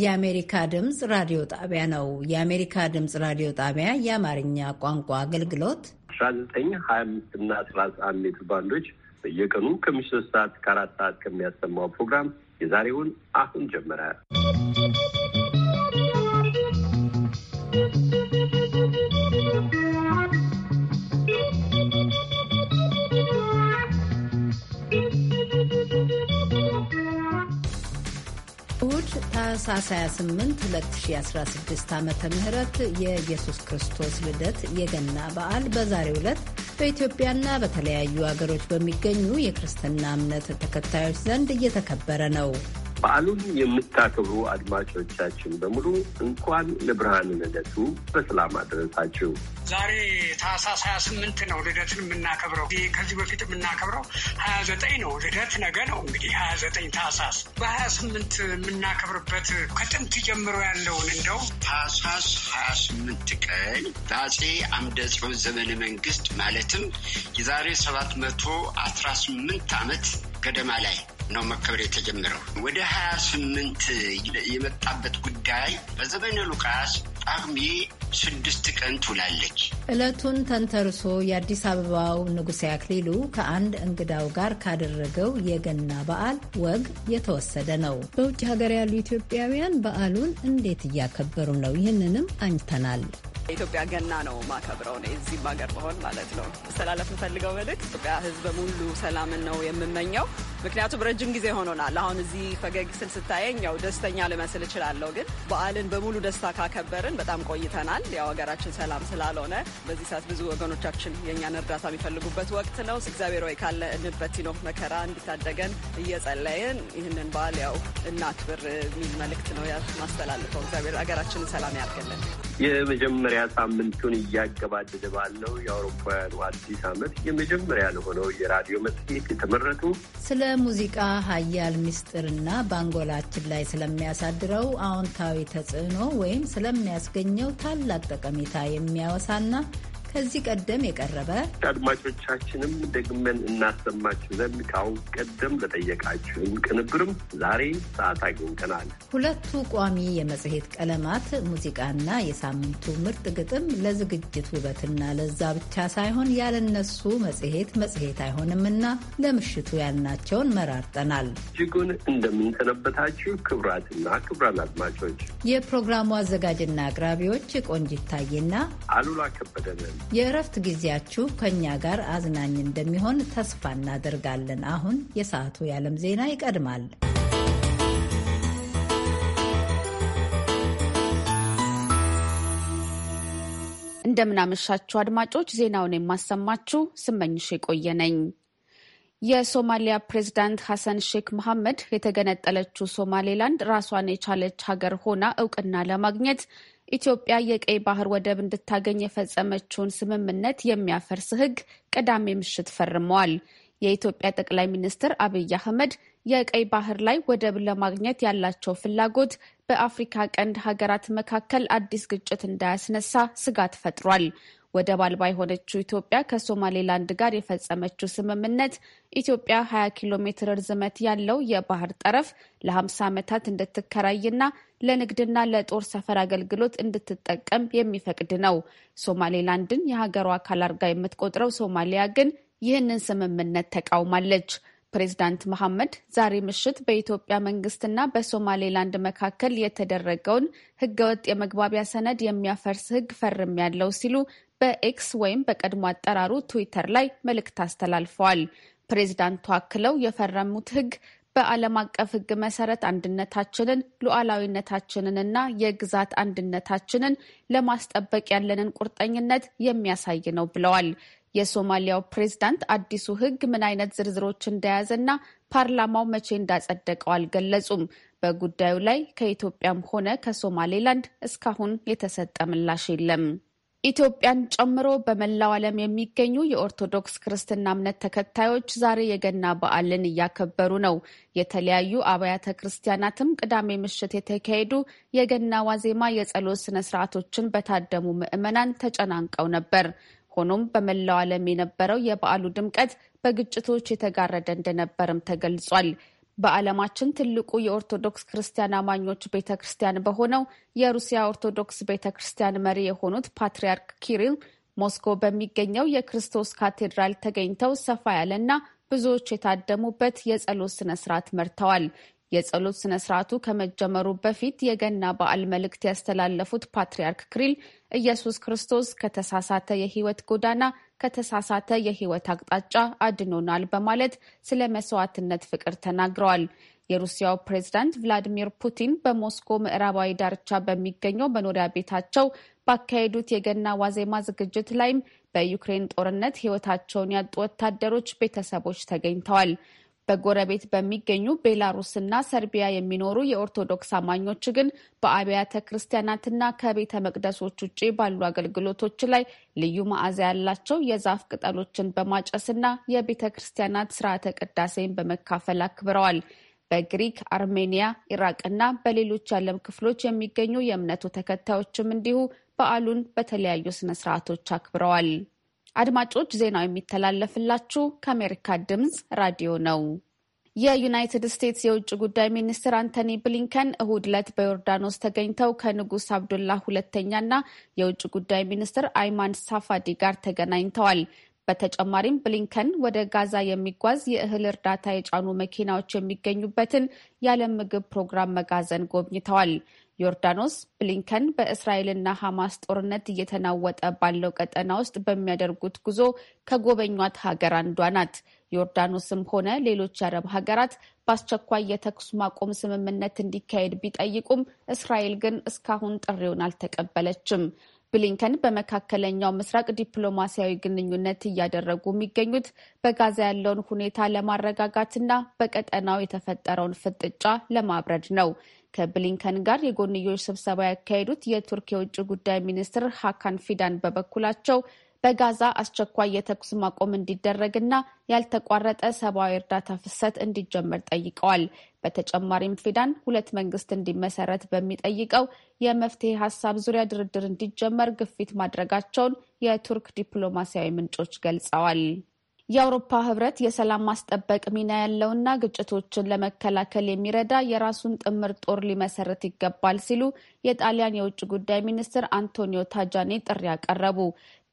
የአሜሪካ ድምፅ ራዲዮ ጣቢያ ነው። የአሜሪካ ድምፅ ራዲዮ ጣቢያ የአማርኛ ቋንቋ አገልግሎት አስራ ዘጠኝ ሀያ አምስት እና አስራ አንድ ሜትር ባንዶች በየቀኑ ከምሽቱ ሶስት ሰዓት ከአራት ሰዓት ከሚያሰማው ፕሮግራም የዛሬውን አሁን ጀመረ። ታህሳስ 28 2016 ዓ ም የኢየሱስ ክርስቶስ ልደት የገና በዓል በዛሬ ዕለት በኢትዮጵያና በተለያዩ አገሮች በሚገኙ የክርስትና እምነት ተከታዮች ዘንድ እየተከበረ ነው። በዓሉን የምታከብሩ አድማጮቻችን በሙሉ እንኳን ለብርሃን ልደቱ በሰላም አደረሳችሁ። ዛሬ ታህሳስ ሀያ ስምንት ነው ልደትን የምናከብረው። ከዚህ በፊት የምናከብረው ሀያ ዘጠኝ ነው ልደት ነገ ነው እንግዲህ ሀያ ዘጠኝ ታህሳስ በሀያ ስምንት የምናከብርበት ከጥንት ጀምሮ ያለውን እንደው ታህሳስ ሀያ ስምንት ቀን በአጼ አምደ ጽዮን ዘመነ መንግስት ማለትም የዛሬ ሰባት መቶ አስራ ስምንት ዓመት ገደማ ላይ ነው መከበር የተጀመረው። ወደ 28 የመጣበት ጉዳይ በዘመነ ሉቃስ ጳጉሜ ስድስት ቀን ትውላለች። ዕለቱን ተንተርሶ የአዲስ አበባው ንጉሴ አክሊሉ ከአንድ እንግዳው ጋር ካደረገው የገና በዓል ወግ የተወሰደ ነው። በውጭ ሀገር ያሉ ኢትዮጵያውያን በዓሉን እንዴት እያከበሩ ነው? ይህንንም አኝተናል። የኢትዮጵያ ገና ነው ማከብረው ነው እዚህም ሀገር በሆን ማለት ነው። መስተላለፍ የምፈልገው መልእክት ኢትዮጵያ ሕዝብ በሙሉ ሰላምን ነው የምመኘው። ምክንያቱም ረጅም ጊዜ ሆኖናል። አሁን እዚህ ፈገግ ስል ስታየኝ ያው ደስተኛ ልመስል እችላለሁ፣ ግን በዓልን በሙሉ ደስታ ካከበርን በጣም ቆይተናል። ያው ሀገራችን ሰላም ስላልሆነ በዚህ ሰዓት ብዙ ወገኖቻችን የእኛን እርዳታ የሚፈልጉበት ወቅት ነው። እግዚአብሔር ወይ እንበት ሲኖ መከራ እንዲታደገን እየጸለይን ይህንን በዓል ያው እናክብር የሚል መልእክት ነው ማስተላልፈው። እግዚአብሔር ሀገራችንን ሰላም ያርገለን። የመጀመሪያ ሳምንቱን እያገባደደ ባለው የአውሮፓውያኑ አዲስ ዓመት የመጀመሪያ ለሆነው የራዲዮ መጽሔት የተመረጡ ስለ የሙዚቃ ሀያል ምስጢርና በአንጎላችን ላይ ስለሚያሳድረው አዎንታዊ ተጽዕኖ ወይም ስለሚያስገኘው ታላቅ ጠቀሜታ የሚያወሳና ከዚህ ቀደም የቀረበ አድማጮቻችንም ደግመን እናሰማችሁ ዘንድ ከአሁን ቀደም ለጠየቃችሁን ቅንብርም ዛሬ ሰዓት አግኝተናል። ሁለቱ ቋሚ የመጽሔት ቀለማት ሙዚቃና የሳምንቱ ምርጥ ግጥም ለዝግጅት ውበትና ለዛ ብቻ ሳይሆን ያለነሱ መጽሔት መጽሔት አይሆንምና ለምሽቱ ያልናቸውን መራርጠናል። እጅጉን እንደምንሰነበታችሁ ክብራትና ክብራን አድማጮች የፕሮግራሙ አዘጋጅና አቅራቢዎች ቆንጂት ታዬና አሉላ ከበደ የእረፍት ጊዜያችሁ ከእኛ ጋር አዝናኝ እንደሚሆን ተስፋ እናደርጋለን። አሁን የሰዓቱ የዓለም ዜና ይቀድማል። እንደምናመሻችሁ አድማጮች፣ ዜናውን የማሰማችሁ ስመኝሽ የቆየ ነኝ። የሶማሊያ ፕሬዝዳንት ሐሰን ሼክ መሐመድ የተገነጠለችው ሶማሌላንድ ራሷን የቻለች ሀገር ሆና እውቅና ለማግኘት ኢትዮጵያ የቀይ ባህር ወደብ እንድታገኝ የፈጸመችውን ስምምነት የሚያፈርስ ህግ ቅዳሜ ምሽት ፈርመዋል። የኢትዮጵያ ጠቅላይ ሚኒስትር አብይ አህመድ የቀይ ባህር ላይ ወደብ ለማግኘት ያላቸው ፍላጎት በአፍሪካ ቀንድ ሀገራት መካከል አዲስ ግጭት እንዳያስነሳ ስጋት ፈጥሯል። ወደብ አልባ የሆነችው ኢትዮጵያ ከሶማሌላንድ ጋር የፈጸመችው ስምምነት ኢትዮጵያ 20 ኪሎ ሜትር ርዝመት ያለው የባህር ጠረፍ ለ50 ዓመታት እንድትከራይና ለንግድና ለጦር ሰፈር አገልግሎት እንድትጠቀም የሚፈቅድ ነው። ሶማሌላንድን የሀገሯ አካል አድርጋ የምትቆጥረው ሶማሊያ ግን ይህንን ስምምነት ተቃውማለች። ፕሬዚዳንት መሐመድ ዛሬ ምሽት በኢትዮጵያ መንግስትና በሶማሌላንድ መካከል የተደረገውን ህገወጥ የመግባቢያ ሰነድ የሚያፈርስ ህግ ፈርም ያለው ሲሉ በኤክስ ወይም በቀድሞ አጠራሩ ትዊተር ላይ መልእክት አስተላልፈዋል። ፕሬዚዳንቱ አክለው የፈረሙት ሕግ በዓለም አቀፍ ሕግ መሰረት አንድነታችንን፣ ሉዓላዊነታችንንና የግዛት አንድነታችንን ለማስጠበቅ ያለንን ቁርጠኝነት የሚያሳይ ነው ብለዋል። የሶማሊያው ፕሬዝዳንት አዲሱ ሕግ ምን አይነት ዝርዝሮች እንደያዘና ፓርላማው መቼ እንዳጸደቀው አልገለጹም። በጉዳዩ ላይ ከኢትዮጵያም ሆነ ከሶማሌላንድ እስካሁን የተሰጠ ምላሽ የለም። ኢትዮጵያን ጨምሮ በመላው ዓለም የሚገኙ የኦርቶዶክስ ክርስትና እምነት ተከታዮች ዛሬ የገና በዓልን እያከበሩ ነው። የተለያዩ አብያተ ክርስቲያናትም ቅዳሜ ምሽት የተካሄዱ የገና ዋዜማ የጸሎት ስነ ስርዓቶችን በታደሙ ምዕመናን ተጨናንቀው ነበር። ሆኖም በመላው ዓለም የነበረው የበዓሉ ድምቀት በግጭቶች የተጋረደ እንደነበርም ተገልጿል። በዓለማችን ትልቁ የኦርቶዶክስ ክርስቲያን አማኞች ቤተ ክርስቲያን በሆነው የሩሲያ ኦርቶዶክስ ቤተ ክርስቲያን መሪ የሆኑት ፓትርያርክ ኪሪል ሞስኮ በሚገኘው የክርስቶስ ካቴድራል ተገኝተው ሰፋ ያለና ብዙዎች የታደሙበት የጸሎት ስነ ስርዓት መርተዋል። የጸሎት ስነ ስርዓቱ ከመጀመሩ በፊት የገና በዓል መልእክት ያስተላለፉት ፓትርያርክ ኪሪል ኢየሱስ ክርስቶስ ከተሳሳተ የህይወት ጎዳና ከተሳሳተ የህይወት አቅጣጫ አድኖናል በማለት ስለ መስዋዕትነት ፍቅር ተናግረዋል። የሩሲያው ፕሬዝዳንት ቭላዲሚር ፑቲን በሞስኮ ምዕራባዊ ዳርቻ በሚገኘው መኖሪያ ቤታቸው ባካሄዱት የገና ዋዜማ ዝግጅት ላይም በዩክሬን ጦርነት ህይወታቸውን ያጡ ወታደሮች ቤተሰቦች ተገኝተዋል። በጎረቤት በሚገኙ ቤላሩስና ሰርቢያ የሚኖሩ የኦርቶዶክስ አማኞች ግን በአብያተ ክርስቲያናትና ከቤተ መቅደሶች ውጭ ባሉ አገልግሎቶች ላይ ልዩ መዓዛ ያላቸው የዛፍ ቅጠሎችን በማጨስና የቤተ ክርስቲያናት ስርዓተ ቅዳሴን በመካፈል አክብረዋል። በግሪክ፣ አርሜኒያ፣ ኢራቅና በሌሎች የዓለም ክፍሎች የሚገኙ የእምነቱ ተከታዮችም እንዲሁ በዓሉን በተለያዩ ስነስርዓቶች አክብረዋል። አድማጮች ዜናው የሚተላለፍላችሁ ከአሜሪካ ድምፅ ራዲዮ ነው። የዩናይትድ ስቴትስ የውጭ ጉዳይ ሚኒስትር አንቶኒ ብሊንከን እሁድ ዕለት በዮርዳኖስ ተገኝተው ከንጉስ አብዱላህ ሁለተኛና የውጭ ጉዳይ ሚኒስትር አይማን ሳፋዲ ጋር ተገናኝተዋል። በተጨማሪም ብሊንከን ወደ ጋዛ የሚጓዝ የእህል እርዳታ የጫኑ መኪናዎች የሚገኙበትን የዓለም ምግብ ፕሮግራም መጋዘን ጎብኝተዋል። ዮርዳኖስ ብሊንከን በእስራኤልና ሐማስ ጦርነት እየተናወጠ ባለው ቀጠና ውስጥ በሚያደርጉት ጉዞ ከጎበኟት ሀገር አንዷ ናት። ዮርዳኖስም ሆነ ሌሎች የአረብ ሀገራት በአስቸኳይ የተኩስ ማቆም ስምምነት እንዲካሄድ ቢጠይቁም እስራኤል ግን እስካሁን ጥሪውን አልተቀበለችም። ብሊንከን በመካከለኛው ምስራቅ ዲፕሎማሲያዊ ግንኙነት እያደረጉ የሚገኙት በጋዛ ያለውን ሁኔታ ለማረጋጋትና በቀጠናው የተፈጠረውን ፍጥጫ ለማብረድ ነው። ከብሊንከን ጋር የጎንዮሽ ስብሰባ ያካሄዱት የቱርክ የውጭ ጉዳይ ሚኒስትር ሀካን ፊዳን በበኩላቸው በጋዛ አስቸኳይ የተኩስ ማቆም እንዲደረግና ያልተቋረጠ ሰብአዊ እርዳታ ፍሰት እንዲጀመር ጠይቀዋል። በተጨማሪም ፊዳን ሁለት መንግስት እንዲመሰረት በሚጠይቀው የመፍትሄ ሀሳብ ዙሪያ ድርድር እንዲጀመር ግፊት ማድረጋቸውን የቱርክ ዲፕሎማሲያዊ ምንጮች ገልጸዋል። የአውሮፓ ህብረት የሰላም ማስጠበቅ ሚና ያለውና ግጭቶችን ለመከላከል የሚረዳ የራሱን ጥምር ጦር ሊመሰረት ይገባል ሲሉ የጣሊያን የውጭ ጉዳይ ሚኒስትር አንቶኒዮ ታጃኒ ጥሪ አቀረቡ።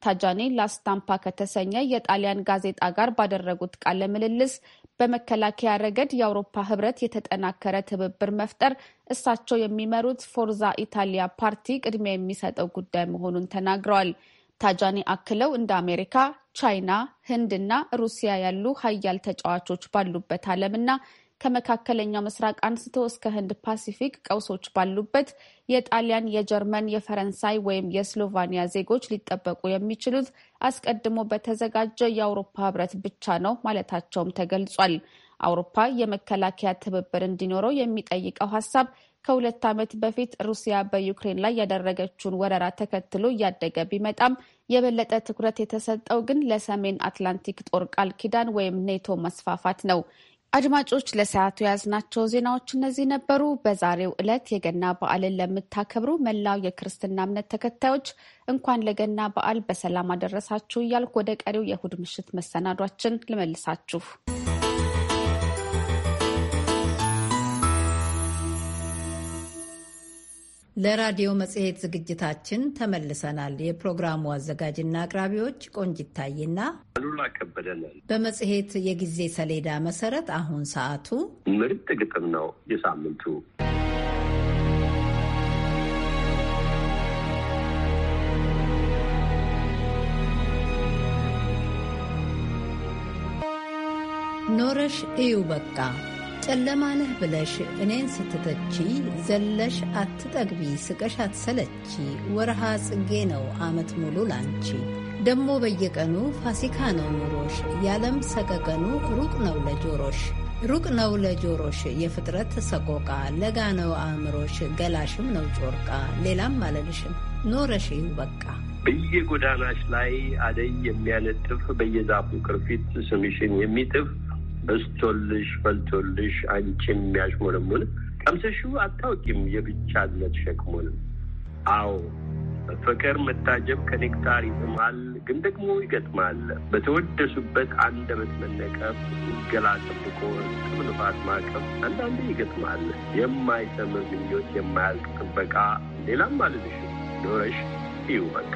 ታጃኒ ላስታምፓ ከተሰኘ የጣሊያን ጋዜጣ ጋር ባደረጉት ቃለ ምልልስ በመከላከያ ረገድ የአውሮፓ ህብረት የተጠናከረ ትብብር መፍጠር እሳቸው የሚመሩት ፎርዛ ኢታሊያ ፓርቲ ቅድሚያ የሚሰጠው ጉዳይ መሆኑን ተናግረዋል። ታጃኒ አክለው እንደ አሜሪካ፣ ቻይና፣ ህንድና እና ሩሲያ ያሉ ሀያል ተጫዋቾች ባሉበት ዓለምና ከመካከለኛው ምስራቅ አንስቶ እስከ ህንድ ፓሲፊክ ቀውሶች ባሉበት የጣሊያን፣ የጀርመን፣ የፈረንሳይ ወይም የስሎቫኒያ ዜጎች ሊጠበቁ የሚችሉት አስቀድሞ በተዘጋጀ የአውሮፓ ህብረት ብቻ ነው ማለታቸውም ተገልጿል። አውሮፓ የመከላከያ ትብብር እንዲኖረው የሚጠይቀው ሀሳብ ከሁለት ዓመት በፊት ሩሲያ በዩክሬን ላይ ያደረገችውን ወረራ ተከትሎ እያደገ ቢመጣም የበለጠ ትኩረት የተሰጠው ግን ለሰሜን አትላንቲክ ጦር ቃል ኪዳን ወይም ኔቶ መስፋፋት ነው። አድማጮች ለሰዓቱ የያዝናቸው ዜናዎች እነዚህ ነበሩ። በዛሬው ዕለት የገና በዓልን ለምታከብሩ መላው የክርስትና እምነት ተከታዮች እንኳን ለገና በዓል በሰላም አደረሳችሁ እያልኩ ወደ ቀሪው የእሁድ ምሽት መሰናዷችን ልመልሳችሁ። ለራዲዮ መጽሔት ዝግጅታችን ተመልሰናል። የፕሮግራሙ አዘጋጅና አቅራቢዎች ቆንጅታይና ታይና አሉላ ከበደለን። በመጽሔት የጊዜ ሰሌዳ መሰረት አሁን ሰዓቱ ምርጥ ግጥም ነው። የሳምንቱ ኖረሽ እዩ በቃ ነህ ብለሽ እኔን ስትተቺ ዘለሽ አትጠግቢ ስቀሽ አትሰለቺ ወርሃ ጽጌ ነው ዓመት ሙሉ ላንቺ ደሞ በየቀኑ ፋሲካ ነው ኑሮሽ ያለም ሰቀቀኑ ሩቅ ነው ለጆሮሽ ሩቅ ነው ለጆሮሽ የፍጥረት ሰቆቃ ለጋ ነው አእምሮሽ ገላሽም ነው ጮርቃ ሌላም አለልሽም ኖረሽ በቃ በየጎዳናሽ ላይ አደይ የሚያነጥፍ በየዛፉ ቅርፊት ስምሽን የሚጥፍ እስቶልሽ ፈልቶልሽ አንቺ የሚያሽሞለሙን ቀምሰሽው አታውቂም የብቻነት ሸክሙን። አዎ ፍቅር መታጀብ ከኔክታር ይጥማል፣ ግን ደግሞ ይገጥማል። በተወደሱበት አንደበት መነቀፍ ገላ ጠብቆ እርጥብ ልፋት ማቀፍ አንዳንዴ ይገጥማል። የማይሰምር ምኞት የማያልቅ ጥበቃ ሌላም አልልሽም ኖረሽ እዩ በቃ።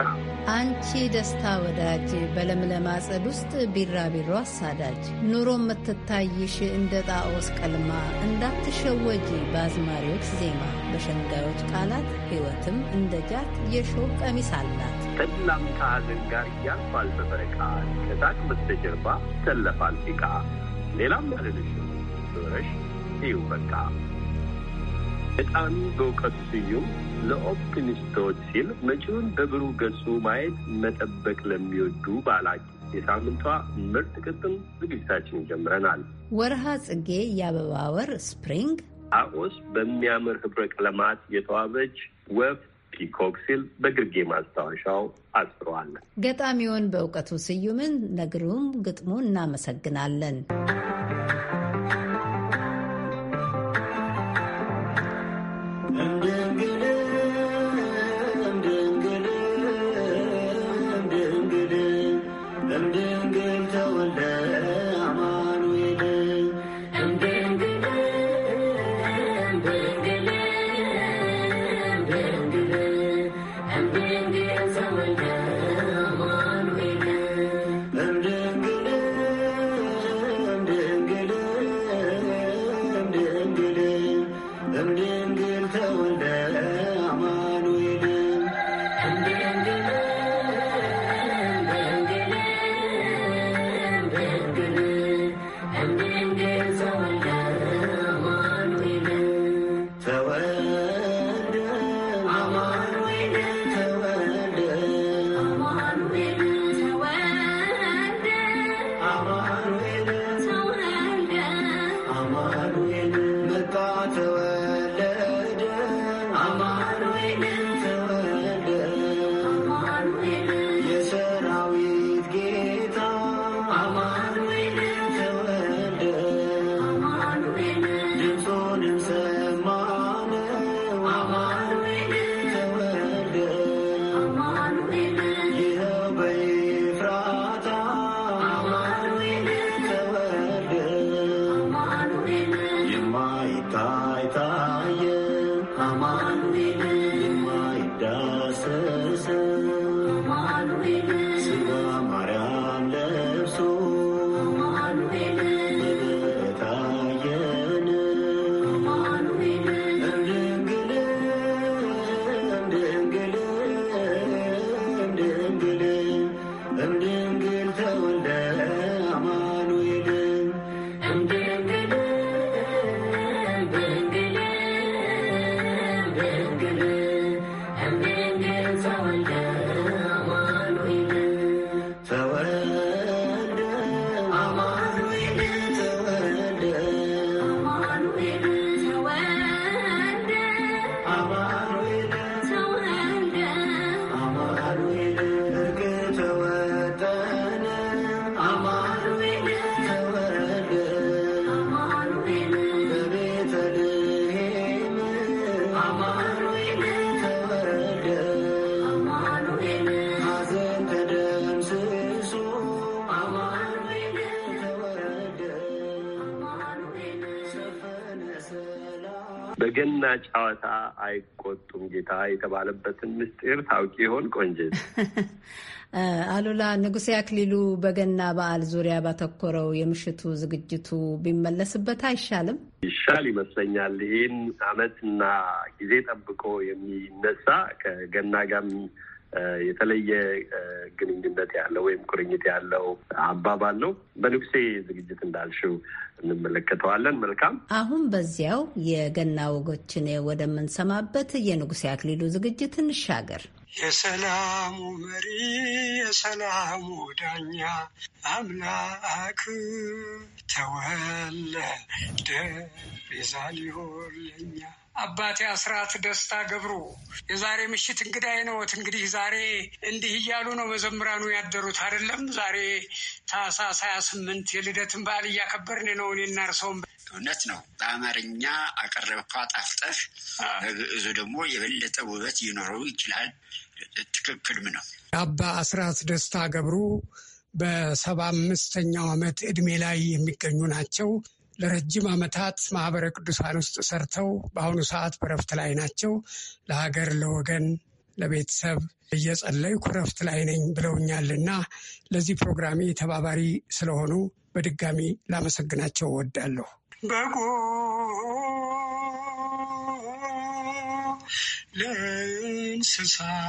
አንቺ ደስታ ወዳጅ በለምለም አጸድ ውስጥ ቢራቢሮ አሳዳጅ ኑሮ የምትታይሽ እንደ ጣዖስ ቀልማ እንዳትሸወጂ በአዝማሪዎች ዜማ በሸንጋዮች ቃላት ሕይወትም እንደ ጃት የሾህ ቀሚስ አላት። ተድላም ከሀዘን ጋር እያልፋል በበረቃ ከዛቅ በስተጀርባ ሰለፋል ፊቃ ሌላም አልልሽ ዞረሽ እዩ በቃ ገጣሚ በእውቀቱ ስዩም ለኦፕቲሚስቶች ሲል መጪውን በብሩህ ገጹ ማየት መጠበቅ ለሚወዱ ባላጅ የሳምንቷ ምርጥ ቅጥም ዝግጅታችን ጀምረናል። ወርሃ ጽጌ የአበባ ወር ስፕሪንግ አቆስ በሚያምር ህብረ ቀለማት የተዋበች ወፍ ፒኮክ ሲል በግርጌ ማስታወሻው አስፍሯል። ገጣሚውን በእውቀቱ ስዩምን ለግሩም ግጥሙ እናመሰግናለን። and then ጨዋታ አይቆጡም ጌታ የተባለበትን ምስጢር ታውቂ ይሆን ቆንጅት? አሉላ ንጉሴ አክሊሉ በገና በዓል ዙሪያ ባተኮረው የምሽቱ ዝግጅቱ ቢመለስበት አይሻልም? ይሻል ይመስለኛል። ይህን አመትና ጊዜ ጠብቆ የሚነሳ ከገና ጋር የተለየ ግንኙነት ያለው ወይም ቁርኝት ያለው አባባል ነው። በንጉሴ ዝግጅት እንዳልሽው እንመለከተዋለን። መልካም። አሁን በዚያው የገና ወጎችን ወደምንሰማበት የንጉሴ አክሊሉ ዝግጅት እንሻገር። የሰላሙ መሪ የሰላሙ ዳኛ አምላክ ተወለደ ቤዛ ሊሆን ለኛ አባቴ አስራት ደስታ ገብሩ የዛሬ ምሽት እንግዳይ ነዎት። እንግዲህ ዛሬ እንዲህ እያሉ ነው መዘምራኑ ያደሩት አይደለም። ዛሬ ታህሳስ ሀያ ስምንት የልደትን በዓል እያከበርን ነው። እኔ እና እውነት ነው። በአማርኛ አቀረብኳ ጣፍጠፍ፣ በግዕዙ ደግሞ የበለጠ ውበት ይኖረው ይችላል። ትክክልም ነው። አባ አስራት ደስታ ገብሩ በሰባ አምስተኛው ዓመት ዕድሜ ላይ የሚገኙ ናቸው። ለረጅም ዓመታት ማህበረ ቅዱሳን ውስጥ ሰርተው በአሁኑ ሰዓት በረፍት ላይ ናቸው። ለሀገር፣ ለወገን፣ ለቤተሰብ እየጸለይኩ ረፍት ላይ ነኝ ብለውኛልና ለዚህ ፕሮግራሜ ተባባሪ ስለሆኑ በድጋሚ ላመሰግናቸው እወዳለሁ። በጎ ለእንስሳው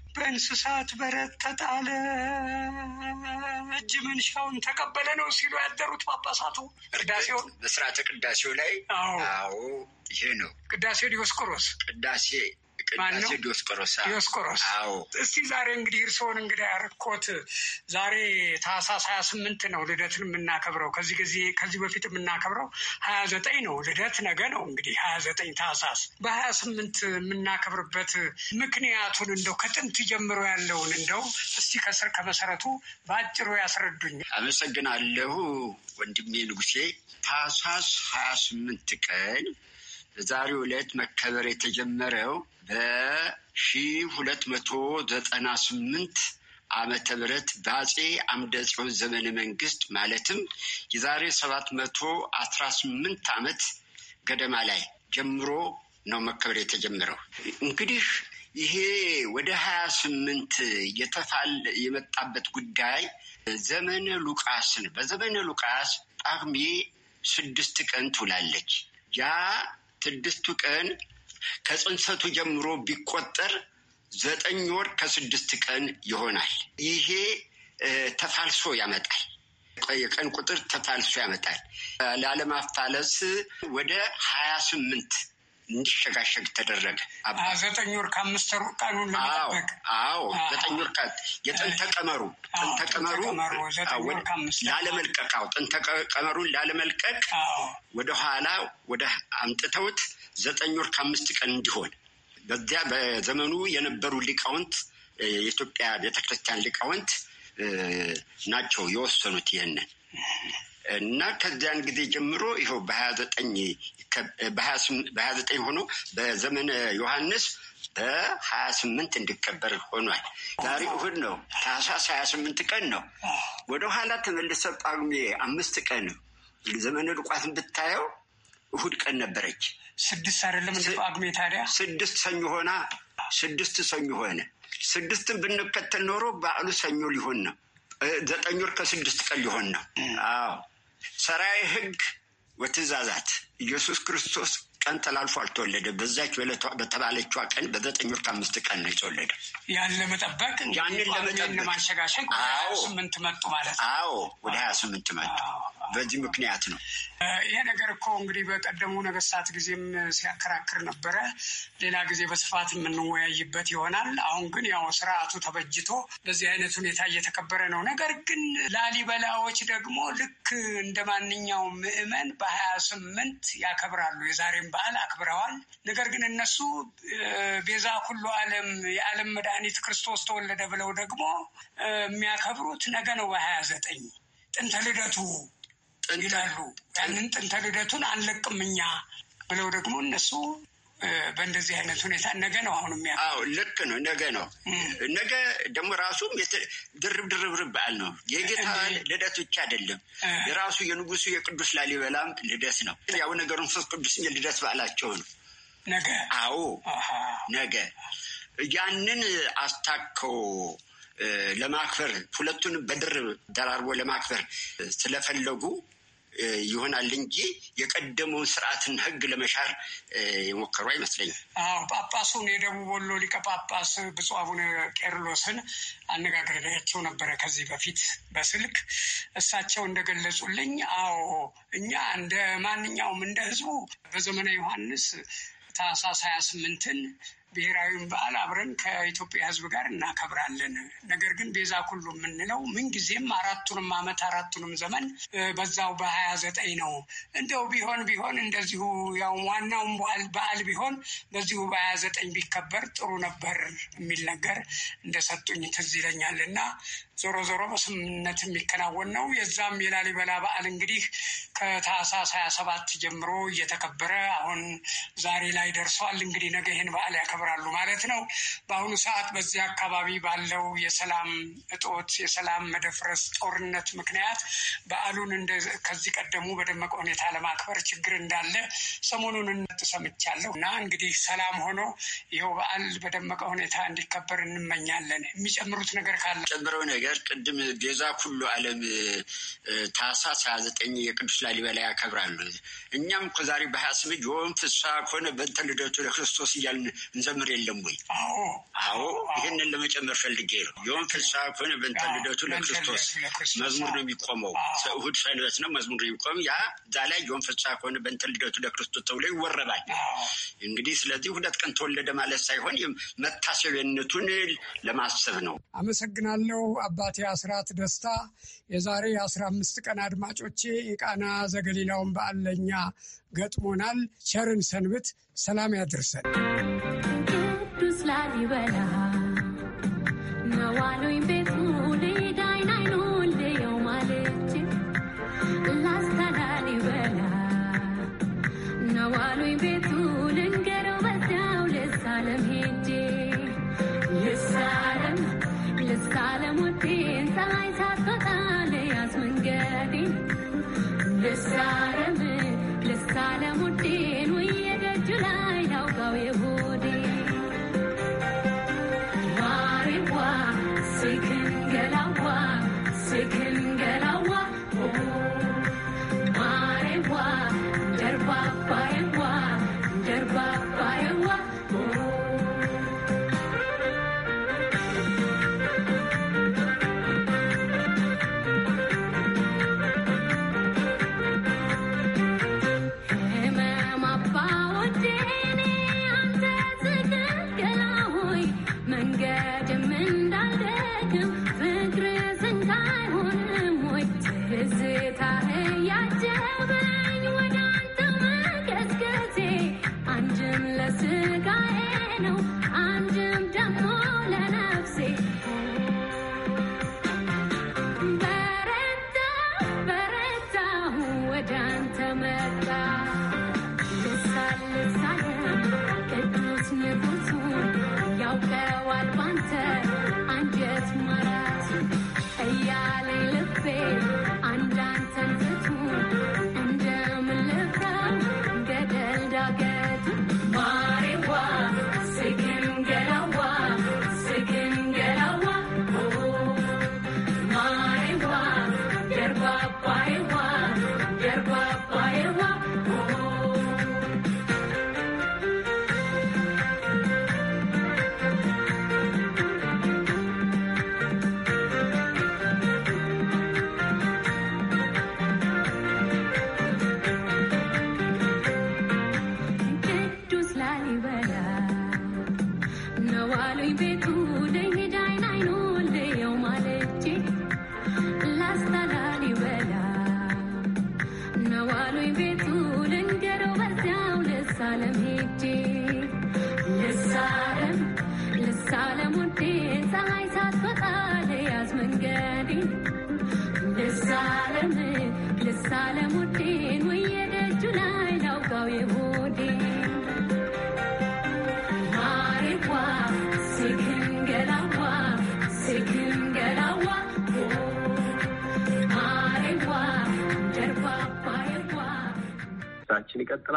በእንስሳት በረት ተጣለ፣ እጅ መንሻውን ተቀበለ ነው ሲሉ ያደሩት ጳጳሳቱ ቅዳሴውን በስርዓተ ቅዳሴው ላይ። አዎ ይሄ ነው ቅዳሴ ዲዮስቆሮስ ቅዳሴ ቅዳሴ ዲዮስቆሮስ ዲዮስቆሮስ። እስቲ ዛሬ እንግዲህ እርስዎን እንግዲህ ያረኮት ዛሬ ታህሳስ ሀያ ስምንት ነው ልደትን የምናከብረው። ከዚህ ጊዜ ከዚህ በፊት የምናከብረው ሀያ ዘጠኝ ነው ልደት ነገ ነው እንግዲህ ሀያ ዘጠኝ ታህሳስ። በሀያ ስምንት የምናከብርበት ምክንያቱን እንደው ከጥንት ጀምሮ ያለውን እንደው እስቲ ከስር ከመሰረቱ በአጭሩ ያስረዱኝ። አመሰግናለሁ ወንድሜ ንጉሴ። ታህሳስ ሀያ ስምንት ቀን በዛሬው ዕለት መከበር የተጀመረው በሺ ሁለት መቶ ዘጠና ስምንት ዓመተ ምህረት በአጼ አምደ ዘመነ መንግስት ማለትም የዛሬ ሰባት መቶ አስራ ስምንት ዓመት ገደማ ላይ ጀምሮ ነው መከበር የተጀመረው። እንግዲህ ይሄ ወደ ሀያ ስምንት የተፋል የመጣበት ጉዳይ ዘመነ ሉቃስን በዘመነ ሉቃስ ጳጉሜ ስድስት ቀን ትውላለች። ያ ስድስቱ ቀን ከጽንሰቱ ጀምሮ ቢቆጠር ዘጠኝ ወር ከስድስት ቀን ይሆናል። ይሄ ተፋልሶ ያመጣል። የቀን ቁጥር ተፋልሶ ያመጣል። ላለማፋለስ ወደ ሀያ ስምንት እንዲሸጋሸግ ተደረገ። ዘጠኝ ወር ከአምስት ቀኑ ለመጠበቅ አዎ፣ ዘጠኝ ወር የጥንተ ቀመሩ ጥንተ ቀመሩ ላለመልቀቅ አዎ፣ ጥንተ ቀመሩን ላለመልቀቅ ወደኋላ ወደ አምጥተውት ዘጠኝ ወር ከአምስት ቀን እንዲሆን በዚያ በዘመኑ የነበሩ ሊቃውንት የኢትዮጵያ ቤተክርስቲያን ሊቃውንት ናቸው የወሰኑት ይህንን እና ከዚያን ጊዜ ጀምሮ ይኸው በሀያ ዘጠኝ በሀያ ዘጠኝ ሆኖ በዘመነ ዮሐንስ በሀያ ስምንት እንዲከበር ሆኗል። ዛሬ እሑድ ነው። ታህሳስ ሀያ ስምንት ቀን ነው። ወደኋላ ተመልሰ ጳጉሜ አምስት ቀን ዘመነ ልቋትን ብታየው እሁድ ቀን ነበረች። ስድስት አይደለም እንደ ጳጉሜ ታዲያ ስድስት ሰኞ ሆና ስድስት ሰኞ ሆነ። ስድስትን ብንከተል ኖሮ በዓሉ ሰኞ ሊሆን ነው። ዘጠኝ ወር ከስድስት ቀን ሊሆን ነው። አዎ ሰራዊ ህግ ወትእዛዛት ኢየሱስ ክርስቶስ ቀን ተላልፎ አልተወለደም። በዛች በተባለችዋ ቀን በዘጠኝ ወር ከአምስት ቀን ነው የተወለደ። ያን ለመጠበቅ ያንን ለመጠበቅ ማሸጋሸግ ስምንት መጡ ማለት ነው። አዎ ወደ ሀያ ስምንት መጡ። በዚህ ምክንያት ነው ይሄ ነገር እኮ እንግዲህ በቀደሙ ነገስታት ጊዜም ሲያከራክር ነበረ። ሌላ ጊዜ በስፋት የምንወያይበት ይሆናል። አሁን ግን ያው ስርዓቱ ተበጅቶ በዚህ አይነት ሁኔታ እየተከበረ ነው። ነገር ግን ላሊበላዎች ደግሞ ልክ እንደ ማንኛውም ምዕመን በሀያ ስምንት ያከብራሉ። የዛሬም በዓል አክብረዋል። ነገር ግን እነሱ ቤዛ ኩሉ ዓለም የዓለም መድኃኒት ክርስቶስ ተወለደ ብለው ደግሞ የሚያከብሩት ነገ ነው በሀያ ዘጠኝ ጥንተ ልደቱ ይላሉ። ያንን ጥንተ ልደቱን አንለቅም እኛ ብለው ደግሞ እነሱ በእንደዚህ አይነት ሁኔታ ነገ ነው አሁን የሚያ ልክ ነው። ነገ ነው። ነገ ደግሞ ራሱም ድርብ ድርብ በዓል ነው። የጌታ ልደት ብቻ አይደለም፣ የራሱ የንጉሱ የቅዱስ ላሊበላም ልደት ነው። ያው ነገሩ ሶስት ቅዱስ የልደት በዓላቸው ነው ነገ። አዎ ነገ ያንን አስታከው ለማክበር ሁለቱን በድርብ ደራርቦ ለማክበር ስለፈለጉ ይሆናል እንጂ የቀደመውን ስርዓትና ህግ ለመሻር የሞከሩ አይመስለኝም። ጳጳሱን የደቡብ ወሎ ሊቀ ጳጳስ ብፁዕ አቡነ ቄርሎስን አነጋግሬያቸው ነበረ ከዚህ በፊት በስልክ እሳቸው እንደገለጹልኝ፣ አዎ እኛ እንደ ማንኛውም እንደ ህዝቡ በዘመነ ዮሐንስ ታህሳስ ሀያ ስምንትን ብሔራዊን በዓል አብረን ከኢትዮጵያ ሕዝብ ጋር እናከብራለን። ነገር ግን ቤዛ ኩሉ የምንለው ምንጊዜም አራቱንም ዓመት አራቱንም ዘመን በዛው በሀያ ዘጠኝ ነው። እንደው ቢሆን ቢሆን እንደዚሁ ያው ዋናውን በዓል ቢሆን በዚሁ በሀያ ዘጠኝ ቢከበር ጥሩ ነበር የሚል ነገር እንደሰጡኝ ትዝ ይለኛል እና ዞሮ ዞሮ በስምምነት የሚከናወን ነው። የዛም የላሊበላ በዓል እንግዲህ ከታህሳስ ሀያ ሰባት ጀምሮ እየተከበረ አሁን ዛሬ ላይ ደርሰዋል። እንግዲህ ነገ ይህን በዓል ያከብራሉ ማለት ነው። በአሁኑ ሰዓት በዚህ አካባቢ ባለው የሰላም እጦት፣ የሰላም መደፍረስ፣ ጦርነት ምክንያት በዓሉን ከዚህ ቀደሙ በደመቀ ሁኔታ ለማክበር ችግር እንዳለ ሰሞኑን ሰምቻለሁ እና እንግዲህ ሰላም ሆኖ ይኸው በዓል በደመቀ ሁኔታ እንዲከበር እንመኛለን። የሚጨምሩት ነገር ካለ ጨምረው ነገር ምክንያት ቅድም ቤዛ ሁሉ ዓለም ታኅሳስ ሀያ ዘጠኝ የቅዱስ ላሊበላ ያከብራሉ። እኛም እኮ ዛሬ በሀያ ስምንት ፍስሐ ከሆነ በእንተ ልደቱ ለክርስቶስ እያልን እንዘምር የለም ወይ? አዎ፣ ይህንን ለመጨመር ፈልጌ ነው። ዮም ፍስሐ ከሆነ በእንተ ልደቱ ለክርስቶስ መዝሙር ነው የሚቆመው። እሑድ ሰንበት ነው መዝሙር ነው የሚቆም። ያ እዛ ላይ ዮም ፍስሐ ከሆነ በእንተ ልደቱ ለክርስቶስ ተብሎ ይወረባል። እንግዲህ ስለዚህ ሁለት ቀን ተወለደ ማለት ሳይሆን መታሰቢያነቱን ለማሰብ ነው። አመሰግናለሁ አባ አባቴ አስራት ደስታ የዛሬ የአስራ አምስት ቀን አድማጮቼ የቃና ዘገሊላውን በዓል ለእኛ ገጥሞናል። ቸርን ሰንብት፣ ሰላም ያድርሰን። ቅዱስ ላሊበላ ነዋሉኝ ቤት لسه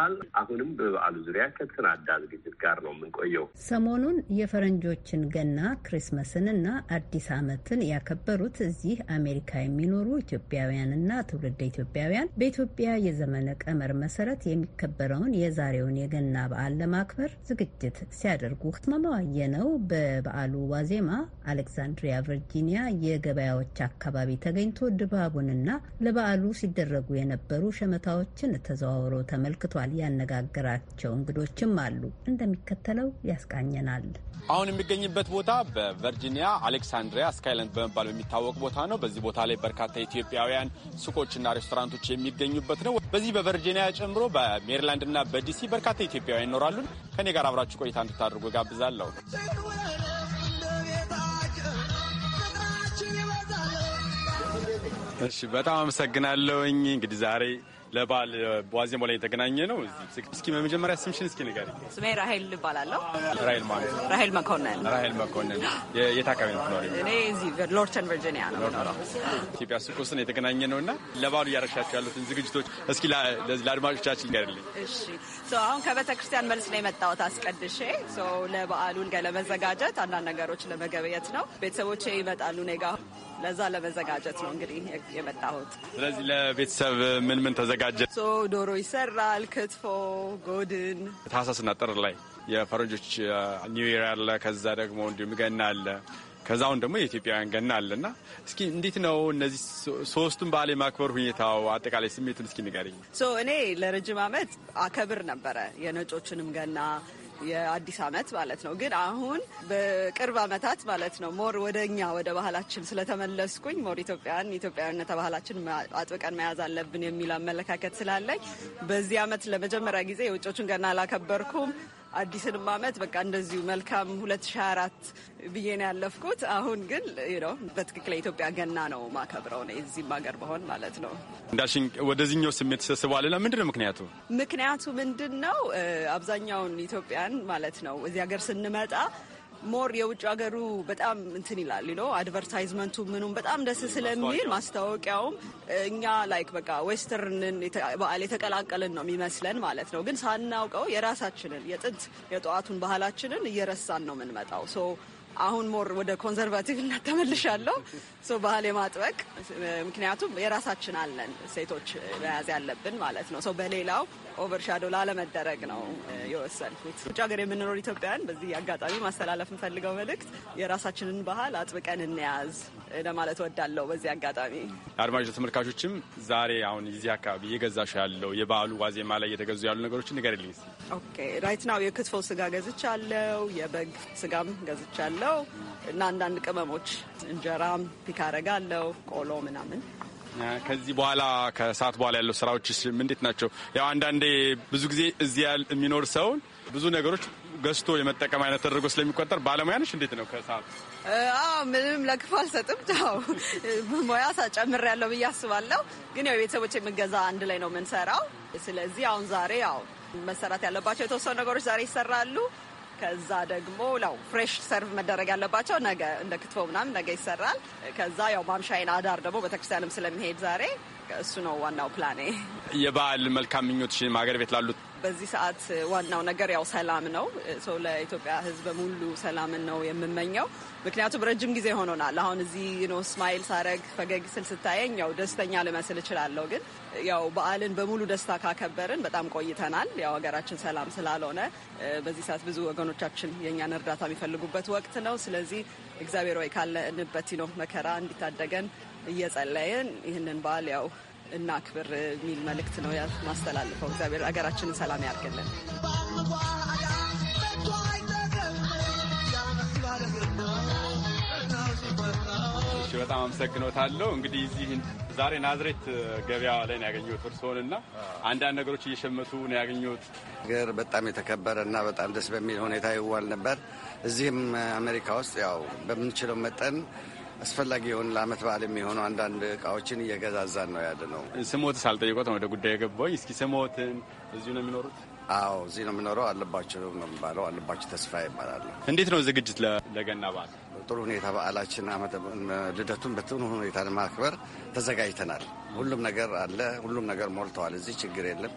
በዓል አሁንም በበዓሉ ዙሪያ ከተሰናዳ ዝግጅት ጋር ነው የምንቆየው። ሰሞኑን የፈረንጆችን ገና ክሪስመስንና አዲስ ዓመትን ያከበሩት እዚህ አሜሪካ የሚኖሩ ኢትዮጵያውያንና ትውልደ ኢትዮጵያውያን በኢትዮጵያ የዘመነ ቀመር መሰረት የሚከበረውን የዛሬውን የገና በዓል ለማክበር ዝግጅት ሲያደርጉ ማማዋየ ነው። በበዓሉ ዋዜማ አሌክዛንድሪያ ቨርጂኒያ የገበያዎች አካባቢ ተገኝቶ ድባቡንና ለበዓሉ ሲደረጉ የነበሩ ሸመታዎችን ተዘዋውሮ ተመልክቷል። ያነጋገራቸው እንግዶችም አሉ። እንደሚከተለው ያስቃኘናል። አሁን የሚገኝበት ቦታ በቨርጂኒያ አሌክሳንድሪያ ስካይላንድ በመባል የሚታወቅ ቦታ ነው። በዚህ ቦታ ላይ በርካታ ኢትዮጵያውያን ሱቆችና ሬስቶራንቶች የሚገኙበት ነው። በዚህ በቨርጂኒያ ጨምሮ በሜሪላንድ እና በዲሲ በርካታ ኢትዮጵያውያን ይኖራሉ። ከኔ ጋር አብራችሁ ቆይታ እንድታደርጉ ጋብዛለሁ። እሺ፣ በጣም አመሰግናለሁኝ። እንግዲህ ዛሬ ለበዓል ዋዜማው ላይ የተገናኘ ነው። እስኪ በመጀመሪያ ስምሽን እስኪ ንገሪኝ። ስሜ ራሄል እባላለሁ። ራሄል ማለት ራሄል መኮንን። ራሄል መኮንን የት አካባቢ ነው ትኖሪ? እኔ እዚህ ሎርተን ቨርጂኒያ ነው የምኖረው። ኢትዮጵያ ሱቁስን የተገናኘ ነው እና ለበዓሉ እያረሻቸው ያሉትን ዝግጅቶች እስኪ ለአድማጮቻችን ንገሪልኝ። እሺ፣ አሁን ከቤተ ክርስቲያን መልስ ነው የመጣሁት አስቀድሼ ለበዓሉን ለመዘጋጀት አንዳንድ ነገሮች ለመገበየት ነው። ቤተሰቦቼ ይመጣሉ ኔጋ ለዛ ለመዘጋጀት ነው እንግዲህ የመጣሁት። ስለዚህ ለቤተሰብ ምን ምን ተዘጋጀ? ዶሮ ይሰራል፣ ክትፎ፣ ጎድን። ታህሳስና ጥር ላይ የፈረንጆች ኒው ይር አለ። ከዛ ደግሞ እንዲሁም ገና አለ። ከዛ አሁን ደግሞ የኢትዮጵያውያን ገና አለና እስኪ እንዴት ነው እነዚህ ሶስቱን በዓል የማክበር ሁኔታው አጠቃላይ ስሜቱን እስኪ ንገሪኝ። እኔ ለረጅም ዓመት አከብር ነበረ የነጮችንም ገና የአዲስ ዓመት ማለት ነው። ግን አሁን በቅርብ ዓመታት ማለት ነው ሞር ወደ እኛ ወደ ባህላችን ስለተመለስኩኝ ሞር ኢትዮጵያን ኢትዮጵያዊነት ባህላችን አጥብቀን መያዝ አለብን የሚል አመለካከት ስላለኝ በዚህ ዓመት ለመጀመሪያ ጊዜ የውጮቹን ገና አላከበርኩም። አዲስንም አመት በቃ እንደዚሁ መልካም 2024 ብዬ ነው ያለፍኩት። አሁን ግን ነው በትክክል የኢትዮጵያ ገና ነው ማከብረው ነው የዚህም ሀገር በሆን ማለት ነው። እንዳሽን ወደዚህኛው ስሜት ተሰብስበዋል። ምንድን ነው ምክንያቱ? ምክንያቱ ምንድን ነው? አብዛኛውን ኢትዮጵያን ማለት ነው እዚህ ሀገር ስንመጣ ሞር የውጭ ሀገሩ በጣም እንትን ይላል ነው አድቨርታይዝመንቱ ምኑም በጣም ደስ ስለሚል ማስታወቂያውም እኛ ላይክ በቃ ዌስተርንን በዓል የተቀላቀልን ነው የሚመስለን ማለት ነው። ግን ሳናውቀው የራሳችንን የጥንት የጠዋቱን ባህላችንን እየረሳን ነው የምንመጣው። አሁን ሞር ወደ ኮንዘርቫቲቭነት ተመልሻለሁ። ባህል የማጥበቅ ምክንያቱም የራሳችን አለን ሴቶች መያዝ ያለብን ማለት ነው። በሌላው ኦቨርሻዶ ላለመደረግ ነው የወሰንኩት። ውጭ ሀገር የምንኖር ኢትዮጵያውያን በዚህ አጋጣሚ ማስተላለፍ እንፈልገው መልእክት የራሳችንን ባህል አጥብቀን እንያዝ ለማለት ወዳለው በዚህ አጋጣሚ አድማጭ ተመልካቾችም ዛሬ አሁን እዚህ አካባቢ እየገዛሽ ያለው የበዓሉ ዋዜማ ላይ እየተገዙ ያሉ ነገሮችን ንገሪልኝ። ኦኬ ራይት ናው የክትፎ ስጋ ገዝቻለው፣ የበግ ስጋም ገዝቻለው እና አንዳንድ ቅመሞች እንጀራም ፒካረጋ አለው ቆሎ ምናምን ከዚህ በኋላ ከሰዓት በኋላ ያለው ስራዎች እንዴት ናቸው? ያው አንዳንዴ ብዙ ጊዜ እዚህ የሚኖር ሰውን ብዙ ነገሮች ገዝቶ የመጠቀም አይነት ተደርጎ ስለሚቆጠር ባለሙያ እንዴት ነው ከሰዓት? አዎ ምንም ለክፉ አልሰጥም። ው ሙያ ጨምር ያለው ብዬ አስባለሁ። ግን ያው ቤተሰቦች የምገዛ አንድ ላይ ነው የምንሰራው። ስለዚህ አሁን ዛሬ ያው መሰራት ያለባቸው የተወሰኑ ነገሮች ዛሬ ይሰራሉ። ከዛ ደግሞ ላው ፍሬሽ ሰርቭ መደረግ ያለባቸው ነገ እንደ ክትፎ ምናምን ነገ ይሰራል። ከዛ ያው ማምሻይን አዳር ደግሞ ቤተክርስቲያንም ስለሚሄድ ዛሬ እሱ ነው ዋናው ፕላኔ። የበዓል መልካም ምኞትሽን አገር ቤት ላሉት በዚህ ሰዓት ዋናው ነገር ያው ሰላም ነው። ሰው ለኢትዮጵያ ሕዝብ ሙሉ ሰላምን ነው የምመኘው። ምክንያቱም ረጅም ጊዜ ሆኖናል። አሁን እዚህ ነው ስማይል ሳረግ ፈገግ ስል ስታየኝ ያው ደስተኛ ልመስል እችላለሁ። ግን ያው በዓልን በሙሉ ደስታ ካከበርን በጣም ቆይተናል። ያው ሀገራችን ሰላም ስላልሆነ በዚህ ሰዓት ብዙ ወገኖቻችን የእኛን እርዳታ የሚፈልጉበት ወቅት ነው። ስለዚህ እግዚአብሔር ወይ ካለንበት ነው መከራ እንዲታደገን እየጸለየን ይህንን በዓል ያው እና አክብር የሚል መልእክት ነው ማስተላልፈው። እግዚአብሔር ሀገራችንን ሰላም ያርግልን። በጣም አመሰግኖታለሁ። እንግዲህ እዚህ ዛሬ ናዝሬት ገበያ ላይ ነው ያገኘሁት እርስዎን እና አንዳንድ ነገሮች እየሸመቱ ነው ያገኘሁት። ነገር በጣም የተከበረ እና በጣም ደስ በሚል ሁኔታ ይዋል ነበር። እዚህም አሜሪካ ውስጥ ያው በምንችለው መጠን አስፈላጊ የሆኑ ለአመት በዓል የሚሆኑ አንዳንድ እቃዎችን እየገዛዛን ነው ያለ ነው። ስሞት ሳልጠይቆት ነው ወደ ጉዳይ የገባኝ። እስኪ ስሞትን እዚሁ ነው የሚኖሩት? አዎ እዚህ ነው የሚኖረው። አለባቸው የሚባለው አለባቸው ተስፋ ይባላል። እንዴት ነው ዝግጅት ለገና በዓል? ጥሩ ሁኔታ በዓላችን ልደቱን በጥሩ ሁኔታ ለማክበር ተዘጋጅተናል። ሁሉም ነገር አለ። ሁሉም ነገር ሞልተዋል። እዚህ ችግር የለም።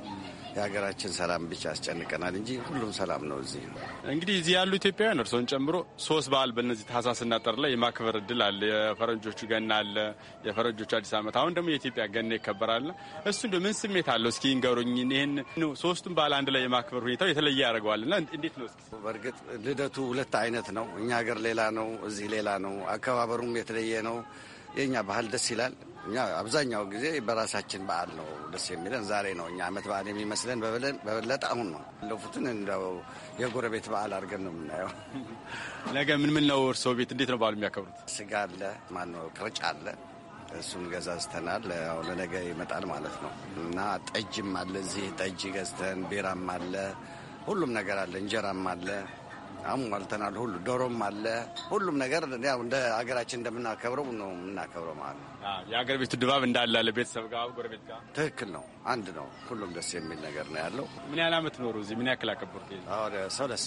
የሀገራችን ሰላም ብቻ ያስጨንቀናል እንጂ ሁሉም ሰላም ነው። እዚህ እንግዲህ እዚህ ያሉ ኢትዮጵያውያን እርስዎን ጨምሮ ሶስት በዓል በእነዚህ ታህሳስና ጥር ላይ የማክበር እድል አለ። የፈረንጆቹ ገና አለ፣ የፈረንጆቹ አዲስ ዓመት፣ አሁን ደግሞ የኢትዮጵያ ገና ይከበራል። እሱ እንደ ምን ስሜት አለው እስኪ ንገሩኝ። ይህን ሶስቱም በዓል አንድ ላይ የማክበር ሁኔታው የተለየ ያደርገዋልና እንዴት ነው እስኪ? በእርግጥ ልደቱ ሁለት አይነት ነው። እኛ ሀገር ሌላ ነው፣ እዚህ ሌላ ነው። አከባበሩም የተለየ ነው። የእኛ ባህል ደስ ይላል። እኛ አብዛኛው ጊዜ በራሳችን በዓል ነው ደስ የሚለን። ዛሬ ነው እኛ አመት በዓል የሚመስለን በበለጠ አሁን ነው። ያለፉትን እንደው የጎረቤት በዓል አድርገን ነው የምናየው። ነገ ምን ምን ነው እርስዎ ቤት እንዴት ነው በዓሉ የሚያከብሩት? ስጋ አለ፣ ማነው ቅርጫ አለ እሱን ገዛዝተናል። ያው ለነገ ይመጣል ማለት ነው እና ጠጅም አለ እዚህ ጠጅ ገዝተን ቢራም አለ ሁሉም ነገር አለ። እንጀራም አለ አሟልተናል። ሁሉ ዶሮም አለ ሁሉም ነገር ያው እንደ ሀገራችን እንደምናከብረው ነው የምናከብረው ማለት ነው። የአገር ቤቱ ድባብ እንዳለ ቤተሰብ ጋር ጎረቤት ጋር ትክክል ነው። አንድ ነው። ሁሉም ደስ የሚል ነገር ነው ያለው። ምን ያህል ዓመት ኖሩ እዚህ? ምን ያክል አከበሩ?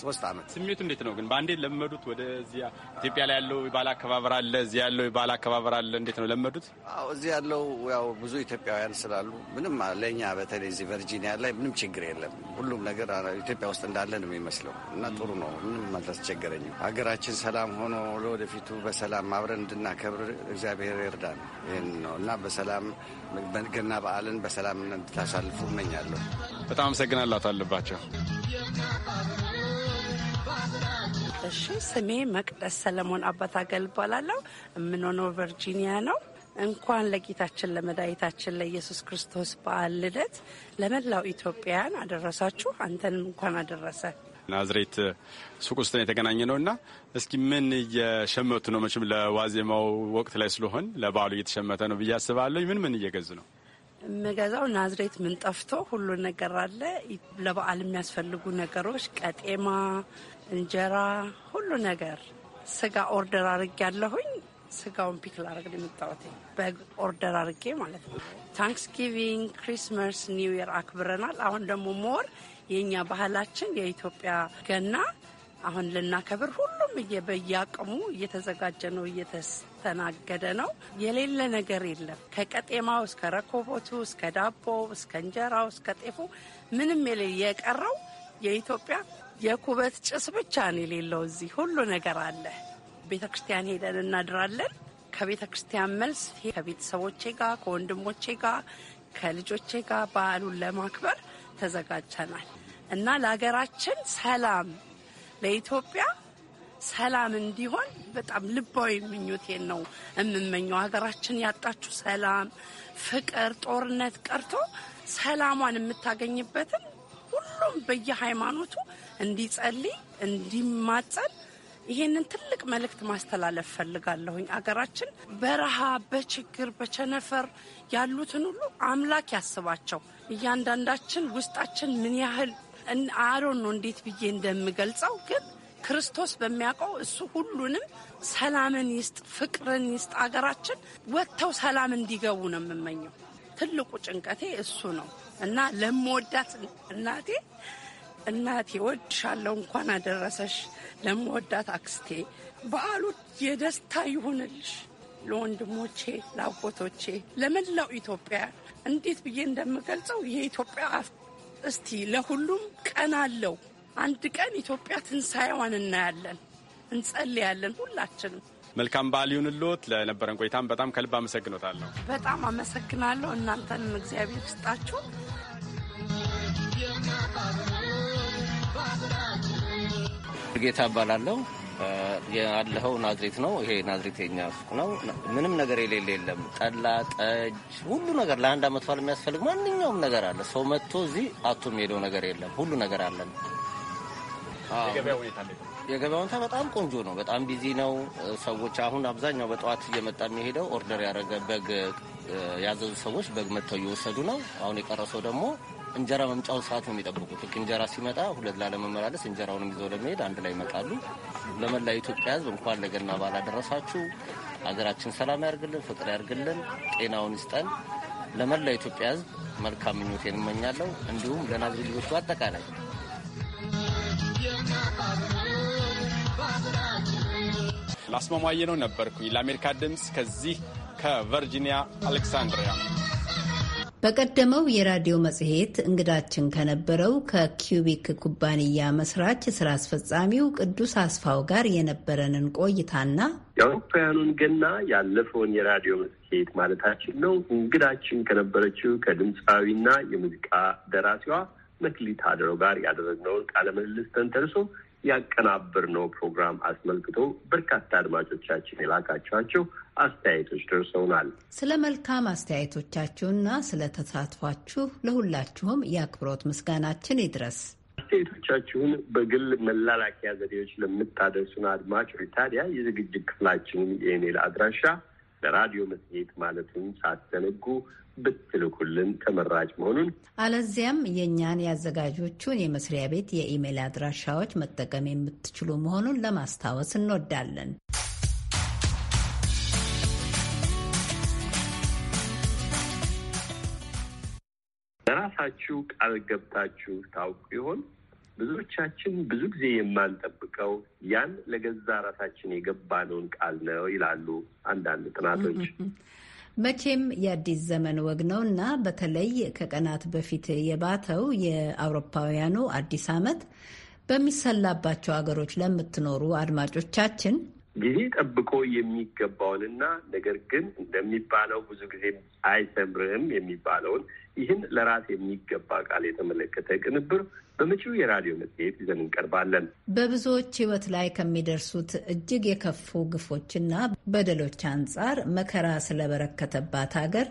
ሶስት ዓመት። ስሜቱ እንዴት ነው ግን? በአንዴ ለመዱት? ወደዚ ኢትዮጵያ ላይ ያለው የባህል አከባበር አለ፣ እዚህ ያለው የባህል አከባበር አለ። እንዴት ነው ለመዱት? አዎ እዚህ ያለው ያው ብዙ ኢትዮጵያውያን ስላሉ ምንም ለእኛ በተለይ እዚህ ቨርጂኒያ ላይ ምንም ችግር የለም። ሁሉም ነገር ኢትዮጵያ ውስጥ እንዳለ ነው የሚመስለው እና ጥሩ ነው። ምንም አልተስቸገረኝም። ሀገራችን ሰላም ሆኖ ለወደፊቱ በሰላም አብረን እንድናከብር እግዚአብሔር ይርዳን። ይህን ነው እና በሰላም ገና በዓልን በሰላም እንድታሳልፉ እመኛለሁ። በጣም አመሰግናላት አለባቸው። እሺ፣ ስሜ መቅደስ ሰለሞን አባታገል እባላለሁ። የምንሆነው ቨርጂኒያ ነው። እንኳን ለጌታችን ለመድኃኒታችን ለኢየሱስ ክርስቶስ በዓል ልደት ለመላው ኢትዮጵያውያን አደረሳችሁ። አንተንም እንኳን አደረሰ። ናዝሬት ሱቅ ውስጥ ነው የተገናኘ ነው እና እስኪ ምን እየሸመቱ ነው? መቼም ለዋዜማው ወቅት ላይ ስለሆን ለበዓሉ እየተሸመተ ነው ብዬ አስባለሁ። ምን ምን እየገዙ ነው? የምገዛው ናዝሬት ምን ጠፍቶ ሁሉ ነገር አለ። ለበዓል የሚያስፈልጉ ነገሮች ቀጤማ፣ እንጀራ፣ ሁሉ ነገር ስጋ ኦርደር አድርጌ ያለሁኝ ስጋውን ፒክ ላደርግ ነው በግ ኦርደር አድርጌ ማለት ነው። ታንክስጊቪንግ፣ ክሪስማስ፣ ኒው ይር አክብረናል። አሁን ደግሞ ሞር የእኛ ባህላችን የኢትዮጵያ ገና አሁን ልናከብር ሁሉም በየአቅሙ እየተዘጋጀ ነው፣ እየተስተናገደ ነው። የሌለ ነገር የለም። ከቀጤማው እስከ ረኮቦቱ፣ እስከ ዳቦው፣ እስከ እንጀራው፣ እስከ ጤፉ ምንም የሌለ የቀረው የኢትዮጵያ የኩበት ጭስ ብቻ ነው የሌለው። እዚህ ሁሉ ነገር አለ። ቤተ ክርስቲያን ሄደን እናድራለን። ከቤተ ክርስቲያን መልስ ከቤተሰቦቼ ጋር ከወንድሞቼ ጋር ከልጆቼ ጋር በዓሉን ለማክበር ተዘጋጅተናል። እና ለሀገራችን ሰላም ለኢትዮጵያ ሰላም እንዲሆን በጣም ልባዊ ምኞቴን ነው የምመኘው። ሀገራችን ያጣችው ሰላም፣ ፍቅር፣ ጦርነት ቀርቶ ሰላሟን የምታገኝበትን ሁሉም በየሃይማኖቱ እንዲጸልይ እንዲማጸን ይሄንን ትልቅ መልእክት ማስተላለፍ ፈልጋለሁኝ። አገራችን በረሃ፣ በችግር፣ በቸነፈር ያሉትን ሁሉ አምላክ ያስባቸው። እያንዳንዳችን ውስጣችን ምን ያህል አሮን ነው እንዴት ብዬ እንደምገልጸው ግን ክርስቶስ በሚያውቀው እሱ ሁሉንም ሰላምን ይስጥ፣ ፍቅርን ይስጥ። አገራችን ወጥተው ሰላም እንዲገቡ ነው የምመኘው። ትልቁ ጭንቀቴ እሱ ነው እና ለምወዳት እናቴ እናቴ ወድሻለሁ፣ እንኳን አደረሰሽ። ለምወዳት አክስቴ በዓሉ የደስታ ይሁንልሽ። ለወንድሞቼ፣ ለአጎቶቼ፣ ለመላው ኢትዮጵያ እንዴት ብዬ እንደምገልጸው የኢትዮጵያ እስቲ ለሁሉም ቀን አለው። አንድ ቀን ኢትዮጵያ ትንሣኤዋን እናያለን፣ እንጸልያለን ሁላችንም። መልካም በዓል ይሁንልዎት። ለነበረን ቆይታም በጣም ከልብ አመሰግኖታለሁ። በጣም አመሰግናለሁ። እናንተንም እግዚአብሔር ይስጣችሁ። ጌታ እባላለሁ። ያለኸው ናዝሬት ነው። ይሄ ናዝሬት የኛ ሱቅ ነው። ምንም ነገር የሌለ የለም። ጠላ፣ ጠጅ፣ ሁሉ ነገር ለአንድ አመት በዓል የሚያስፈልግ ማንኛውም ነገር አለ። ሰው መጥቶ እዚህ አቶ የሚሄደው ነገር የለም። ሁሉ ነገር አለን። የገበያ ሁኔታ በጣም ቆንጆ ነው። በጣም ቢዚ ነው። ሰዎች አሁን አብዛኛው በጠዋት እየመጣ የሚሄደው ኦርደር ያደረገ በግ ያዘዙ ሰዎች በግ መጥተው እየወሰዱ ነው። አሁን የቀረሰው ደግሞ እንጀራ መምጫውን ሰዓት ነው የሚጠብቁት። ልክ እንጀራ ሲመጣ ሁለት ላለመመላለስ እንጀራውንም ይዘው ለመሄድ አንድ ላይ ይመጣሉ። ለመላ ኢትዮጵያ ሕዝብ እንኳን ለገና በዓል አደረሳችሁ። ሀገራችን ሰላም ያርግልን፣ ፍቅር ያርግልን፣ ጤናውን ይስጠን። ለመላ ኢትዮጵያ ሕዝብ መልካም ምኞቴን እመኛለሁ። እንዲሁም ለናዝሬት ልጆች አጠቃላይ ላስማማየ ነው ነበርኩኝ። ለአሜሪካ ድምፅ ከዚህ ከቨርጂኒያ አሌክሳንድሪያ በቀደመው የራዲዮ መጽሔት እንግዳችን ከነበረው ከኪዩቢክ ኩባንያ መስራች ስራ አስፈጻሚው ቅዱስ አስፋው ጋር የነበረንን ቆይታና የአውሮፓውያኑን ገና ያለፈውን የራዲዮ መጽሔት ማለታችን ነው እንግዳችን ከነበረችው ከድምፃዊና የሙዚቃ ደራሲዋ መክሊት አድሮ ጋር ያደረግነውን ቃለ ምልልስ ተንተርሶ ያቀናበርነው ፕሮግራም አስመልክቶ በርካታ አድማጮቻችን የላካቸኋቸው አስተያየቶች ደርሰውናል። ስለ መልካም አስተያየቶቻችሁና ስለ ተሳትፏችሁ ለሁላችሁም የአክብሮት ምስጋናችን ይድረስ። አስተያየቶቻችሁን በግል መላላኪያ ዘዴዎች ለምታደርሱን አድማጮች ታዲያ የዝግጅት ክፍላችንን የኢሜል አድራሻ ለራዲዮ መጽሔት ማለትም ሳትዘነጉ ብትልኩልን ተመራጭ መሆኑን፣ አለዚያም የእኛን የአዘጋጆቹን የመስሪያ ቤት የኢሜይል አድራሻዎች መጠቀም የምትችሉ መሆኑን ለማስታወስ እንወዳለን። ለራሳችሁ ቃል ገብታችሁ ታውቁ ይሆን? ብዙዎቻችን ብዙ ጊዜ የማንጠብቀው ያን ለገዛ ራሳችን የገባነውን ቃል ነው ይላሉ አንዳንድ ጥናቶች። መቼም የአዲስ ዘመን ወግ ነው እና በተለይ ከቀናት በፊት የባተው የአውሮፓውያኑ አዲስ ዓመት በሚሰላባቸው ሀገሮች ለምትኖሩ አድማጮቻችን ጊዜ ጠብቆ የሚገባውንና ነገር ግን እንደሚባለው ብዙ ጊዜ አይሰምርህም የሚባለውን ይህን ለራስ የሚገባ ቃል የተመለከተ ቅንብር በመጪው የራዲዮ መጽሔት ይዘን እንቀርባለን። በብዙዎች ሕይወት ላይ ከሚደርሱት እጅግ የከፉ ግፎችና በደሎች አንጻር መከራ ስለበረከተባት ሀገር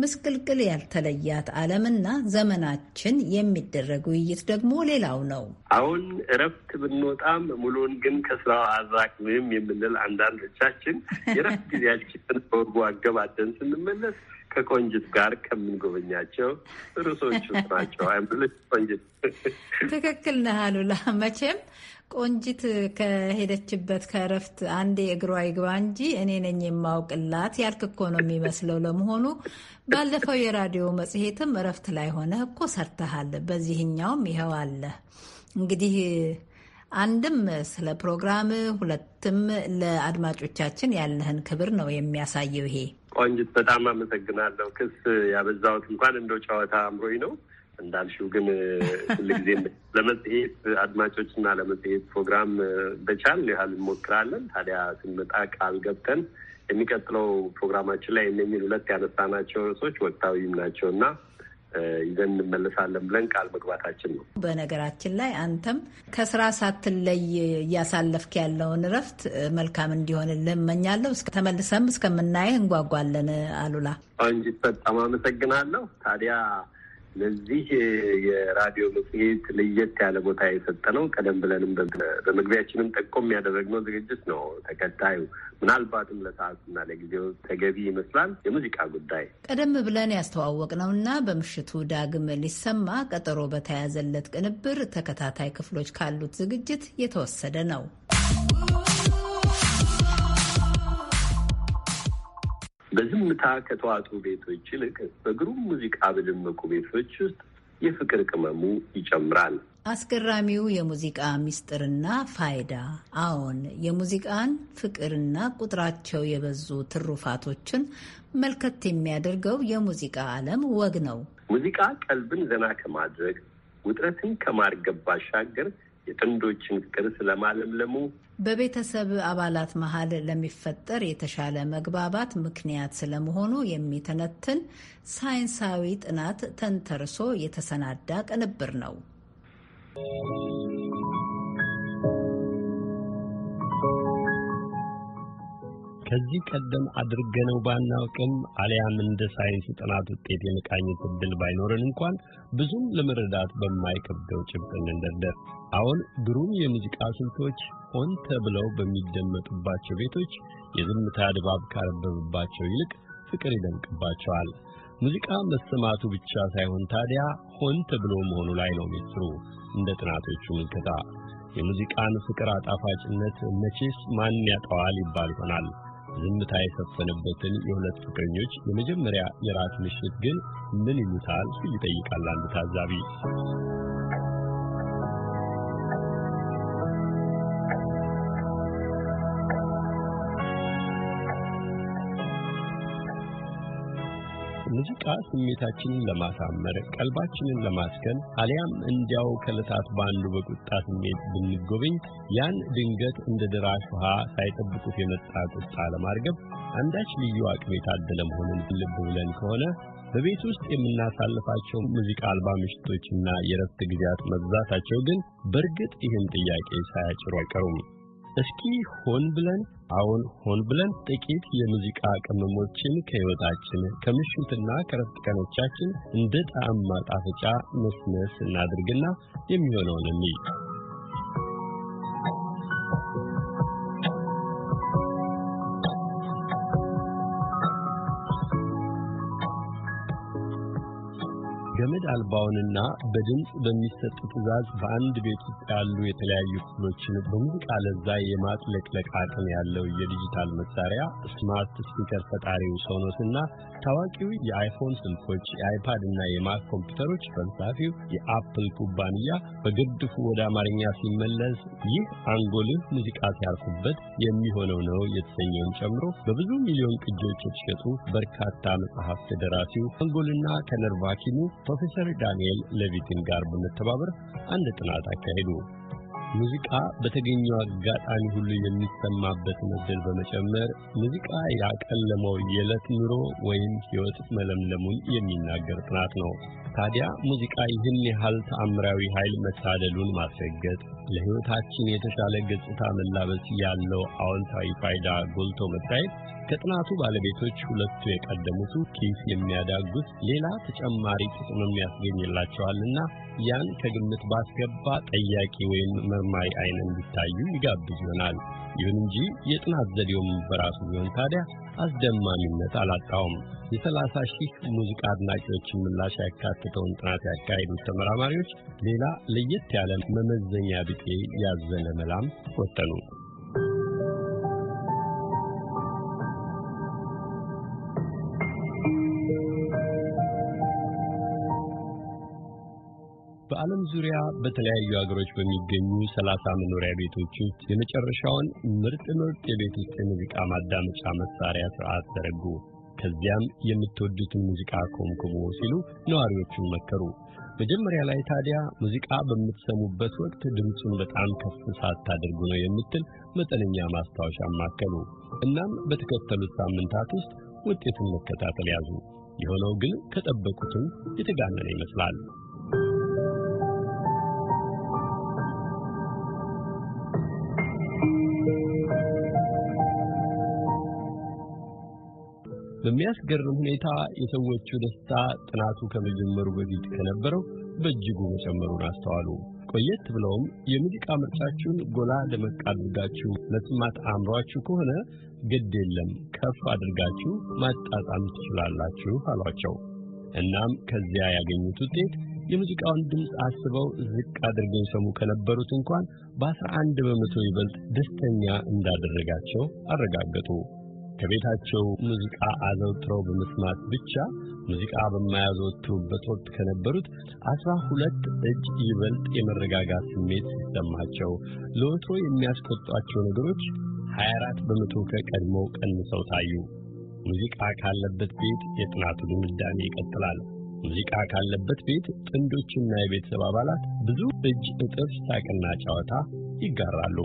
ምስቅልቅል ያልተለያት ዓለምና ዘመናችን የሚደረግ ውይይት ደግሞ ሌላው ነው። አሁን እረፍት ብንወጣም ሙሉን ግን ከስራው አራቅም የምንል አንዳንዶቻችን የእረፍት ጊዜያችንን በወርጎ አገባደን ስንመለስ ከቆንጅት ጋር ከምንጎበኛቸው ርዕሶች ናቸው። አይምልሽ ቆንጅት፣ ትክክል ነህ አሉላ። መቼም ቆንጅት ከሄደችበት ከእረፍት አንዴ እግሯ ይግባ እንጂ እኔ ነኝ የማውቅላት ያልክ እኮ ነው የሚመስለው። ለመሆኑ ባለፈው የራዲዮ መጽሔትም እረፍት ላይ ሆነ እኮ ሰርተሃል፣ በዚህኛውም ይኸው አለ እንግዲህ አንድም ስለ ፕሮግራም ሁለትም ለአድማጮቻችን ያለህን ክብር ነው የሚያሳየው ይሄ ቆንጅት በጣም አመሰግናለሁ። ክስ ያበዛሁት እንኳን እንደው ጨዋታ አምሮኝ ነው እንዳልሽው ግን ሁልጊዜ ለመጽሔት አድማጮች እና ለመጽሔት ፕሮግራም በቻል ያህል እንሞክራለን። ታዲያ ስንመጣ ቃል ገብተን የሚቀጥለው ፕሮግራማችን ላይ እነኝን ሁለት ያነሳናቸው ርዕሶች ወቅታዊም ናቸው እና ይዘን እንመለሳለን ብለን ቃል መግባታችን ነው። በነገራችን ላይ አንተም ከስራ ሳትለይ እያሳለፍክ ያለውን እረፍት መልካም እንዲሆን ልመኛለሁ። ተመልሰም እስከምናየህ እንጓጓለን። አሉላ እንጂ በጣም አመሰግናለሁ። ታዲያ ለዚህ የራዲዮ መጽሔት ለየት ያለ ቦታ የሰጠ ነው። ቀደም ብለንም በመግቢያችንም ጠቆም ያደረግነው ዝግጅት ነው። ተከታዩ ምናልባትም ለሰዓቱና ለጊዜው ተገቢ ይመስላል የሙዚቃ ጉዳይ ቀደም ብለን ነው እና በምሽቱ ዳግም ሊሰማ ቀጠሮ በተያዘለት ቅንብር ተከታታይ ክፍሎች ካሉት ዝግጅት የተወሰደ ነው። በዝምታ ከተዋጡ ቤቶች ይልቅ በግሩም ሙዚቃ በደመቁ ቤቶች ውስጥ የፍቅር ቅመሙ ይጨምራል። አስገራሚው የሙዚቃ ምስጢርና ፋይዳ። አዎን የሙዚቃን ፍቅርና ቁጥራቸው የበዙ ትሩፋቶችን መልከት የሚያደርገው የሙዚቃ ዓለም ወግ ነው። ሙዚቃ ቀልብን ዘና ከማድረግ ውጥረትን ከማርገብ ባሻገር የጥንዶችን ፍቅር ስለማለምለሙ በቤተሰብ አባላት መሀል ለሚፈጠር የተሻለ መግባባት ምክንያት ስለመሆኑ የሚተነትን ሳይንሳዊ ጥናት ተንተርሶ የተሰናዳ ቅንብር ነው። ከዚህ ቀደም አድርገነው ባናውቅም አሊያም እንደ ሳይንስ ጥናት ውጤት የመቃኘት እድል ባይኖረን እንኳን ብዙም ለመረዳት በማይከብደው ጭብጥ እንደርደር። አሁን ግሩም የሙዚቃ ስልቶች ሆን ተብለው በሚደመጡባቸው ቤቶች የዝምታ ድባብ ካረበብባቸው ይልቅ ፍቅር ይደምቅባቸዋል። ሙዚቃ መሰማቱ ብቻ ሳይሆን ታዲያ ሆን ተብሎ መሆኑ ላይ ነው ሚስጥሩ። እንደ ጥናቶቹ ምልከታ የሙዚቃን ፍቅር አጣፋጭነት መቼስ ማን ያጠዋል ይባል ይሆናል። ዝምታ የሰፈነበትን የሁለት ፍቅረኞች የመጀመሪያ የራት ምሽት ግን ምን ይሉታል ይጠይቃል አንዱ ታዛቢ። ሙዚቃ ስሜታችንን ለማሳመር ቀልባችንን ለማስከን አሊያም እንዲያው ከለታት ባንዱ በቁጣ ስሜት ብንጎበኝ ያን ድንገት እንደ ደራሽ ውሃ ሳይጠብቁት የመጣ ቁጣ ለማርገብ አንዳች ልዩ አቅም የታደለ መሆኑን ልብ ብለን ከሆነ በቤት ውስጥ የምናሳልፋቸው ሙዚቃ አልባ ምሽቶችና የረፍት ጊዜያት መብዛታቸው ግን በእርግጥ ይህን ጥያቄ ሳያጭሩ አይቀሩም። እስኪ ሆን ብለን አሁን ሆን ብለን ጥቂት የሙዚቃ ቅመሞችን ከህይወታችን ከምሽትና ከረፍት ቀኖቻችን እንደ ጣዕም ማጣፈጫ መስመስ እናድርግና የሚሆነውን እንይ። አልባውንና በድምፅ በሚሰጥ ትዕዛዝ በአንድ ቤት ውስጥ ያሉ የተለያዩ ክፍሎችን በሙዚቃ ለዛ የማጥለቅለቅ አቅም ያለው የዲጂታል መሳሪያ ስማርት ስፒከር ፈጣሪው ሶኖስ እና ታዋቂው የአይፎን ስልኮች የአይፓድ እና የማክ ኮምፒውተሮች ፈልሳፊው የአፕል ኩባንያ በግርድፉ ወደ አማርኛ ሲመለስ ይህ አንጎልህ ሙዚቃ ሲያርፍበት የሚሆነው ነው የተሰኘውን ጨምሮ በብዙ ሚሊዮን ቅጆች የተሸጡ በርካታ መጽሐፍት ደራሲው አንጎልና ከነርቫኪኑ ፕሮፌሰር ከፕሮፌሰር ዳንኤል ለቪትን ጋር በመተባበር አንድ ጥናት አካሄዱ። ሙዚቃ በተገኘው አጋጣሚ ሁሉ የሚሰማበትን ዕድል በመጨመር ሙዚቃ ያቀለመው የዕለት ኑሮ ወይም ሕይወት መለምለሙን የሚናገር ጥናት ነው። ታዲያ ሙዚቃ ይህን ያህል ተአምራዊ ኃይል መታደሉን ማስረገጥ፣ ለሕይወታችን የተሻለ ገጽታ መላበስ ያለው አዎንታዊ ፋይዳ ጎልቶ መታየት ከጥናቱ ባለቤቶች ሁለቱ የቀደሙቱ ኪስ የሚያዳጉት ሌላ ተጨማሪ ጥቅምም ያስገኝላቸዋልና ያን ከግምት ባስገባ ጠያቂ ወይም መርማሪ አይን እንዲታዩ ይጋብዝ ይሆናል። ይሁን እንጂ የጥናት ዘዴውም በራሱ ቢሆን ታዲያ አስደማሚነት አላጣውም። የሰላሳ ሺህ ሙዚቃ አድናቂዎችን ምላሽ ያካትተውን ጥናት ያካሄዱት ተመራማሪዎች ሌላ ለየት ያለ መመዘኛ ቢጤ ያዘለ መላም ወጠኑ። ዙሪያ በተለያዩ ሀገሮች በሚገኙ ሰላሳ መኖሪያ ቤቶች ውስጥ የመጨረሻውን ምርጥ ምርጥ የቤት ውስጥ የሙዚቃ ማዳመጫ መሳሪያ ስርዓት ዘረጉ። ከዚያም የምትወዱትን ሙዚቃ ኮምክቡ ሲሉ ነዋሪዎቹን መከሩ። መጀመሪያ ላይ ታዲያ ሙዚቃ በምትሰሙበት ወቅት ድምፁን በጣም ከፍ ሳታደርጉ ነው የምትል መጠነኛ ማስታወሻ ማከሉ። እናም በተከተሉት ሳምንታት ውስጥ ውጤቱን መከታተል ያዙ። የሆነው ግን ከጠበቁትም የተጋነነ ይመስላል። በሚያስገርም ሁኔታ የሰዎቹ ደስታ ጥናቱ ከመጀመሩ በፊት ከነበረው በእጅጉ መጨመሩን አስተዋሉ። ቆየት ብለውም የሙዚቃ ምርጫችሁን ጎላ ደመቅ አድርጋችሁ መስማት አእምሯችሁ ከሆነ ግድ የለም ከፍ አድርጋችሁ ማጣጣም ትችላላችሁ አሏቸው። እናም ከዚያ ያገኙት ውጤት የሙዚቃውን ድምፅ አስበው ዝቅ አድርገው ይሰሙ ከነበሩት እንኳን በአስራ አንድ በመቶ ይበልጥ ደስተኛ እንዳደረጋቸው አረጋገጡ። ከቤታቸው ሙዚቃ አዘውትረው በመስማት ብቻ ሙዚቃ በማያዘወትሩበት ወቅት ከነበሩት አስራ ሁለት እጅ ይበልጥ የመረጋጋት ስሜት ሲሰማቸው ለወትሮ የሚያስቆጧቸው ነገሮች 24 በመቶ ከቀድሞው ቀንሰው ታዩ። ሙዚቃ ካለበት ቤት የጥናቱ ድምዳሜ ይቀጥላል። ሙዚቃ ካለበት ቤት ጥንዶችና የቤተሰብ አባላት ብዙ እጅ እጥፍ ሳቅና ጨዋታ ይጋራሉ።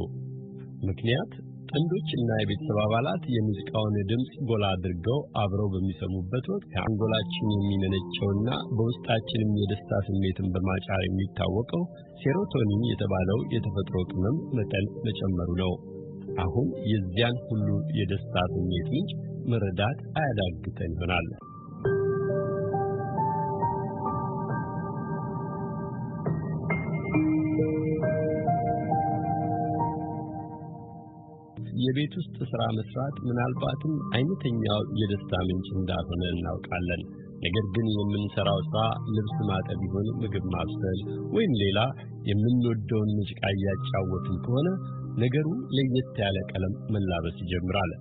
ምክንያት እና የቤተሰብ አባላት የሙዚቃውን ድምፅ ጎላ አድርገው አብረው በሚሰሙበት ወቅት ከአንጎላችን የሚመነጨውና በውስጣችንም የደስታ ስሜትን በማጫር የሚታወቀው ሴሮቶኒን የተባለው የተፈጥሮ ቅመም መጠን መጨመሩ ነው። አሁን የዚያን ሁሉ የደስታ ስሜት ምንጭ መረዳት አያዳግተን ይሆናል። የቤት ውስጥ ሥራ መሥራት ምናልባትም አይነተኛው የደስታ ምንጭ እንዳልሆነ እናውቃለን። ነገር ግን የምንሠራው ሥራ ልብስ ማጠብ ይሁን ምግብ ማብሰል ወይም ሌላ የምንወደውን ሙዚቃ እያጫወትን ከሆነ ነገሩ ለየት ያለ ቀለም መላበስ ይጀምራል።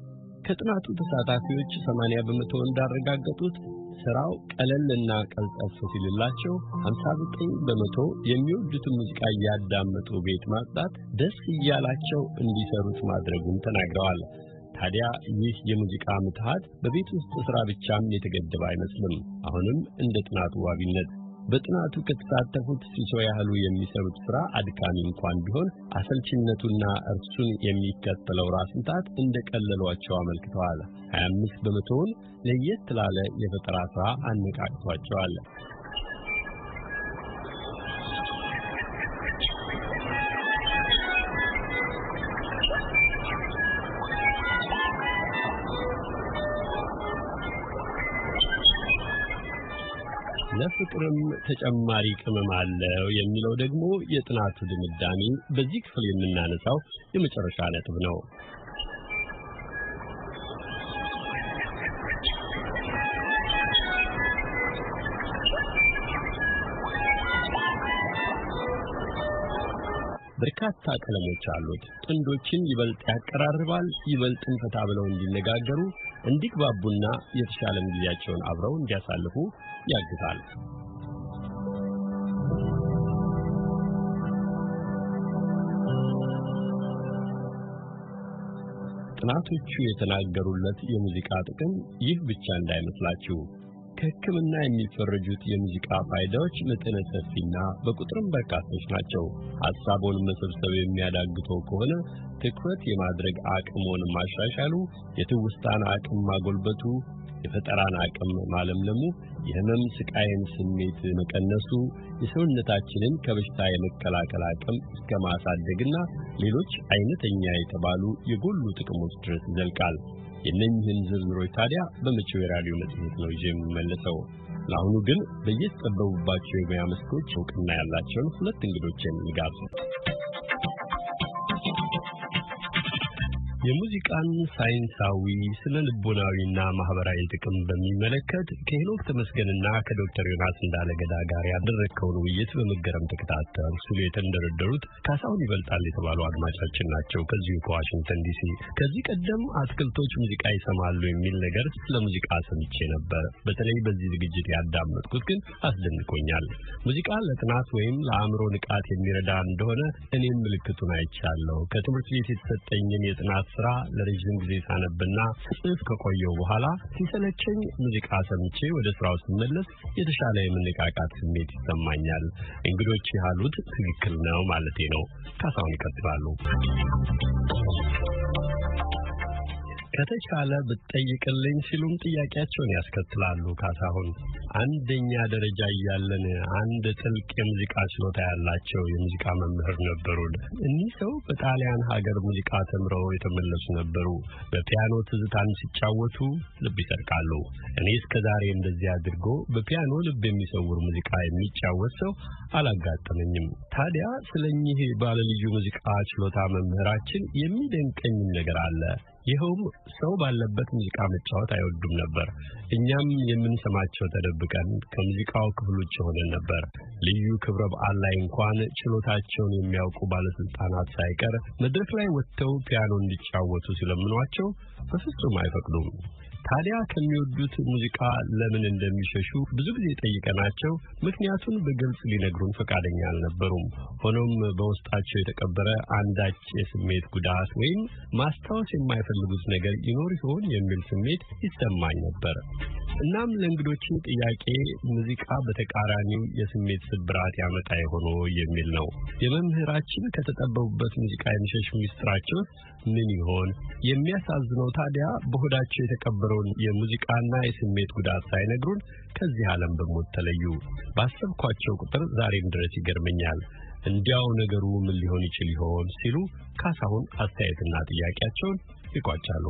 ከጥናቱ ተሳታፊዎች 80 በመቶ እንዳረጋገጡት ስራው ቀለልና ቀልጠፍ ሲልላቸው 59 በመቶ የሚወዱትን ሙዚቃ እያዳመጡ ቤት ማጽዳት ደስ እያላቸው እንዲሰሩት ማድረጉን ተናግረዋል። ታዲያ ይህ የሙዚቃ ምትሃት በቤት ውስጥ ስራ ብቻም የተገደበ አይመስልም። አሁንም እንደ ጥናቱ ዋቢነት በጥናቱ ከተሳተፉት ሲሶ ያህሉ የሚሰሩት ስራ አድካሚ እንኳን ቢሆን አሰልችነቱና እርሱን የሚከተለው ራስ ምታት እንደቀለሏቸው አመልክተዋል። 25 በመቶውን ለየት ላለ የፈጠራ ሥራ አነቃቅቷቸዋል። ለፍቅርም ተጨማሪ ቅመም አለው የሚለው ደግሞ የጥናቱ ድምዳሜ በዚህ ክፍል የምናነሳው የመጨረሻ ነጥብ ነው። በርካታ ቀለሞች አሉት። ጥንዶችን ይበልጥ ያቀራርባል፣ ይበልጥም ፈታ ብለው እንዲነጋገሩ እንዲግባቡና የተሻለም ጊዜያቸውን አብረው እንዲያሳልፉ ያግዛል። ጥናቶቹ የተናገሩለት የሙዚቃ ጥቅም ይህ ብቻ እንዳይመስላችሁ። ከሕክምና የሚፈረጁት የሙዚቃ ፋይዳዎች መጠነ ሰፊና በቁጥርም በርካቶች ናቸው። ሐሳቦን መሰብሰብ የሚያዳግተው ከሆነ ትኩረት የማድረግ አቅሞን ማሻሻሉ፣ የትውስታን አቅም ማጎልበቱ፣ የፈጠራን አቅም ማለምለሙ፣ የህመም ስቃይን ስሜት መቀነሱ፣ የሰውነታችንን ከበሽታ የመከላከል አቅም እስከ ማሳደግና ሌሎች አይነተኛ የተባሉ የጎሉ ጥቅሞች ድረስ ይዘልቃል። የእነኝህን ዝርዝሮች ታዲያ በመጪው የራዲዮ መጽሔት ነው ይዤ የምመለሰው። ለአሁኑ ግን በየተጠበቡባቸው የሙያ መስኮች እውቅና ያላቸውን ሁለት እንግዶችን ልጋብዝ። የሙዚቃን ሳይንሳዊ ስነ ልቦናዊና ማህበራዊ ጥቅም በሚመለከት ከሄኖክ ተመስገንና ከዶክተር ዮናስ እንዳለገዳ ጋር ያደረግከውን ውይይት በመገረም ተከታተል ሲሉ የተንደረደሩት ካሳሁን ይበልጣል የተባሉ አድማጫችን ናቸው። ከዚሁ ከዋሽንግተን ዲሲ ከዚህ ቀደም አትክልቶች ሙዚቃ ይሰማሉ የሚል ነገር ስለ ሙዚቃ ሰምቼ ነበር። በተለይ በዚህ ዝግጅት ያዳመጥኩት ግን አስደንቆኛል። ሙዚቃ ለጥናት ወይም ለአእምሮ ንቃት የሚረዳ እንደሆነ እኔም ምልክቱን አይቻለሁ። ከትምህርት ቤት የተሰጠኝን የጥናት ስራ ለረዥም ጊዜ ሳነብና ስጽፍ ከቆየው በኋላ ሲሰለቸኝ ሙዚቃ ሰምቼ ወደ ስራው ስመለስ የተሻለ የመነቃቃት ስሜት ይሰማኛል። እንግዶች ያሉት ትክክል ነው ማለቴ ነው። ካሳሁን ይቀጥላሉ። ከተቻለ ብትጠይቅልኝ ሲሉም ጥያቄያቸውን ያስከትላሉ። ካሳሁን አንደኛ ደረጃ እያለን አንድ ጥልቅ የሙዚቃ ችሎታ ያላቸው የሙዚቃ መምህር ነበሩ። እኒህ ሰው በጣሊያን ሀገር ሙዚቃ ተምረው የተመለሱ ነበሩ። በፒያኖ ትዝታን ሲጫወቱ ልብ ይሰርቃሉ። እኔ እስከ ዛሬ እንደዚህ አድርጎ በፒያኖ ልብ የሚሰውር ሙዚቃ የሚጫወት ሰው አላጋጠመኝም። ታዲያ ስለ እኚህ ባለልዩ ሙዚቃ ችሎታ መምህራችን የሚደንቀኝም ነገር አለ። ይኸውም ሰው ባለበት ሙዚቃ መጫወት አይወዱም ነበር። እኛም የምንሰማቸው ተደብቀን ከሙዚቃው ክፍሎች የሆነን ነበር። ልዩ ክብረ በዓል ላይ እንኳን ችሎታቸውን የሚያውቁ ባለስልጣናት ሳይቀር መድረክ ላይ ወጥተው ፒያኖ እንዲጫወቱ ሲለምኗቸው በፍጹም አይፈቅዱም። ታዲያ ከሚወዱት ሙዚቃ ለምን እንደሚሸሹ ብዙ ጊዜ ጠይቀናቸው ምክንያቱን በግልጽ ሊነግሩን ፈቃደኛ አልነበሩም። ሆኖም በውስጣቸው የተቀበረ አንዳች የስሜት ጉዳት ወይም ማስታወስ የማይፈልጉት ነገር ይኖር ይሆን የሚል ስሜት ይሰማኝ ነበር። እናም ለእንግዶችን ጥያቄ ሙዚቃ በተቃራኒው የስሜት ስብራት ያመጣ የሆኖ የሚል ነው። የመምህራችን ከተጠበቡበት ሙዚቃ የሚሸሽ ሚስጥራቸው ምን ይሆን? የሚያሳዝነው ታዲያ በሆዳቸው የተቀበረውን የሙዚቃና የስሜት ጉዳት ሳይነግሩን ከዚህ ዓለም በሞት ተለዩ። ባሰብኳቸው ቁጥር ዛሬም ድረስ ይገርመኛል። እንዲያው ነገሩ ምን ሊሆን ይችል ይሆን ሲሉ ካሳሁን አስተያየትና ጥያቄያቸውን ይቋጫሉ።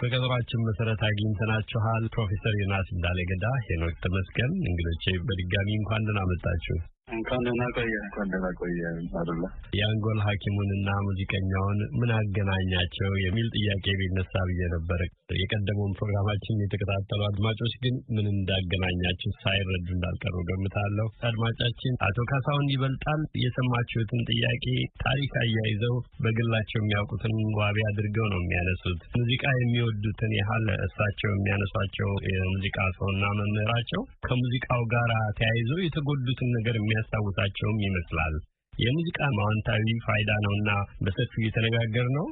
በቀጠሯችን መሰረት አግኝተናችኋል። ፕሮፌሰር ዮናስ እንዳለገዳ፣ ገዳ፣ ሄኖክ ተመስገን እንግዶቼ በድጋሚ እንኳን ደህና መጣችሁ። እንኳን ደህና ቆየ። እንኳን ደህና ቆየ። አዱላ የአንጎል ሀኪሙንና ሙዚቀኛውን ምን አገናኛቸው የሚል ጥያቄ ቢነሳ ብዬ ነበር። የቀደመውን ፕሮግራማችን የተከታተሉ አድማጮች ግን ምን እንዳገናኛችሁ ሳይረዱ እንዳልቀሩ ገምታለሁ። አድማጫችን አቶ ካሳሁን ይበልጣል የሰማችሁትን ጥያቄ ታሪክ አያይዘው በግላቸው የሚያውቁትን ዋቢ አድርገው ነው የሚያነሱት። ሙዚቃ የሚወዱትን ያህል እሳቸው የሚያነሷቸው የሙዚቃ ሰውና መምህራቸው ከሙዚቃው ጋር ተያይዘው የተጎዱትን ነገር የሚያስታውሳቸውም ይመስላል። የሙዚቃ ማዋንታዊ ፋይዳ ነውና በሰፊው እየተነጋገር ነው።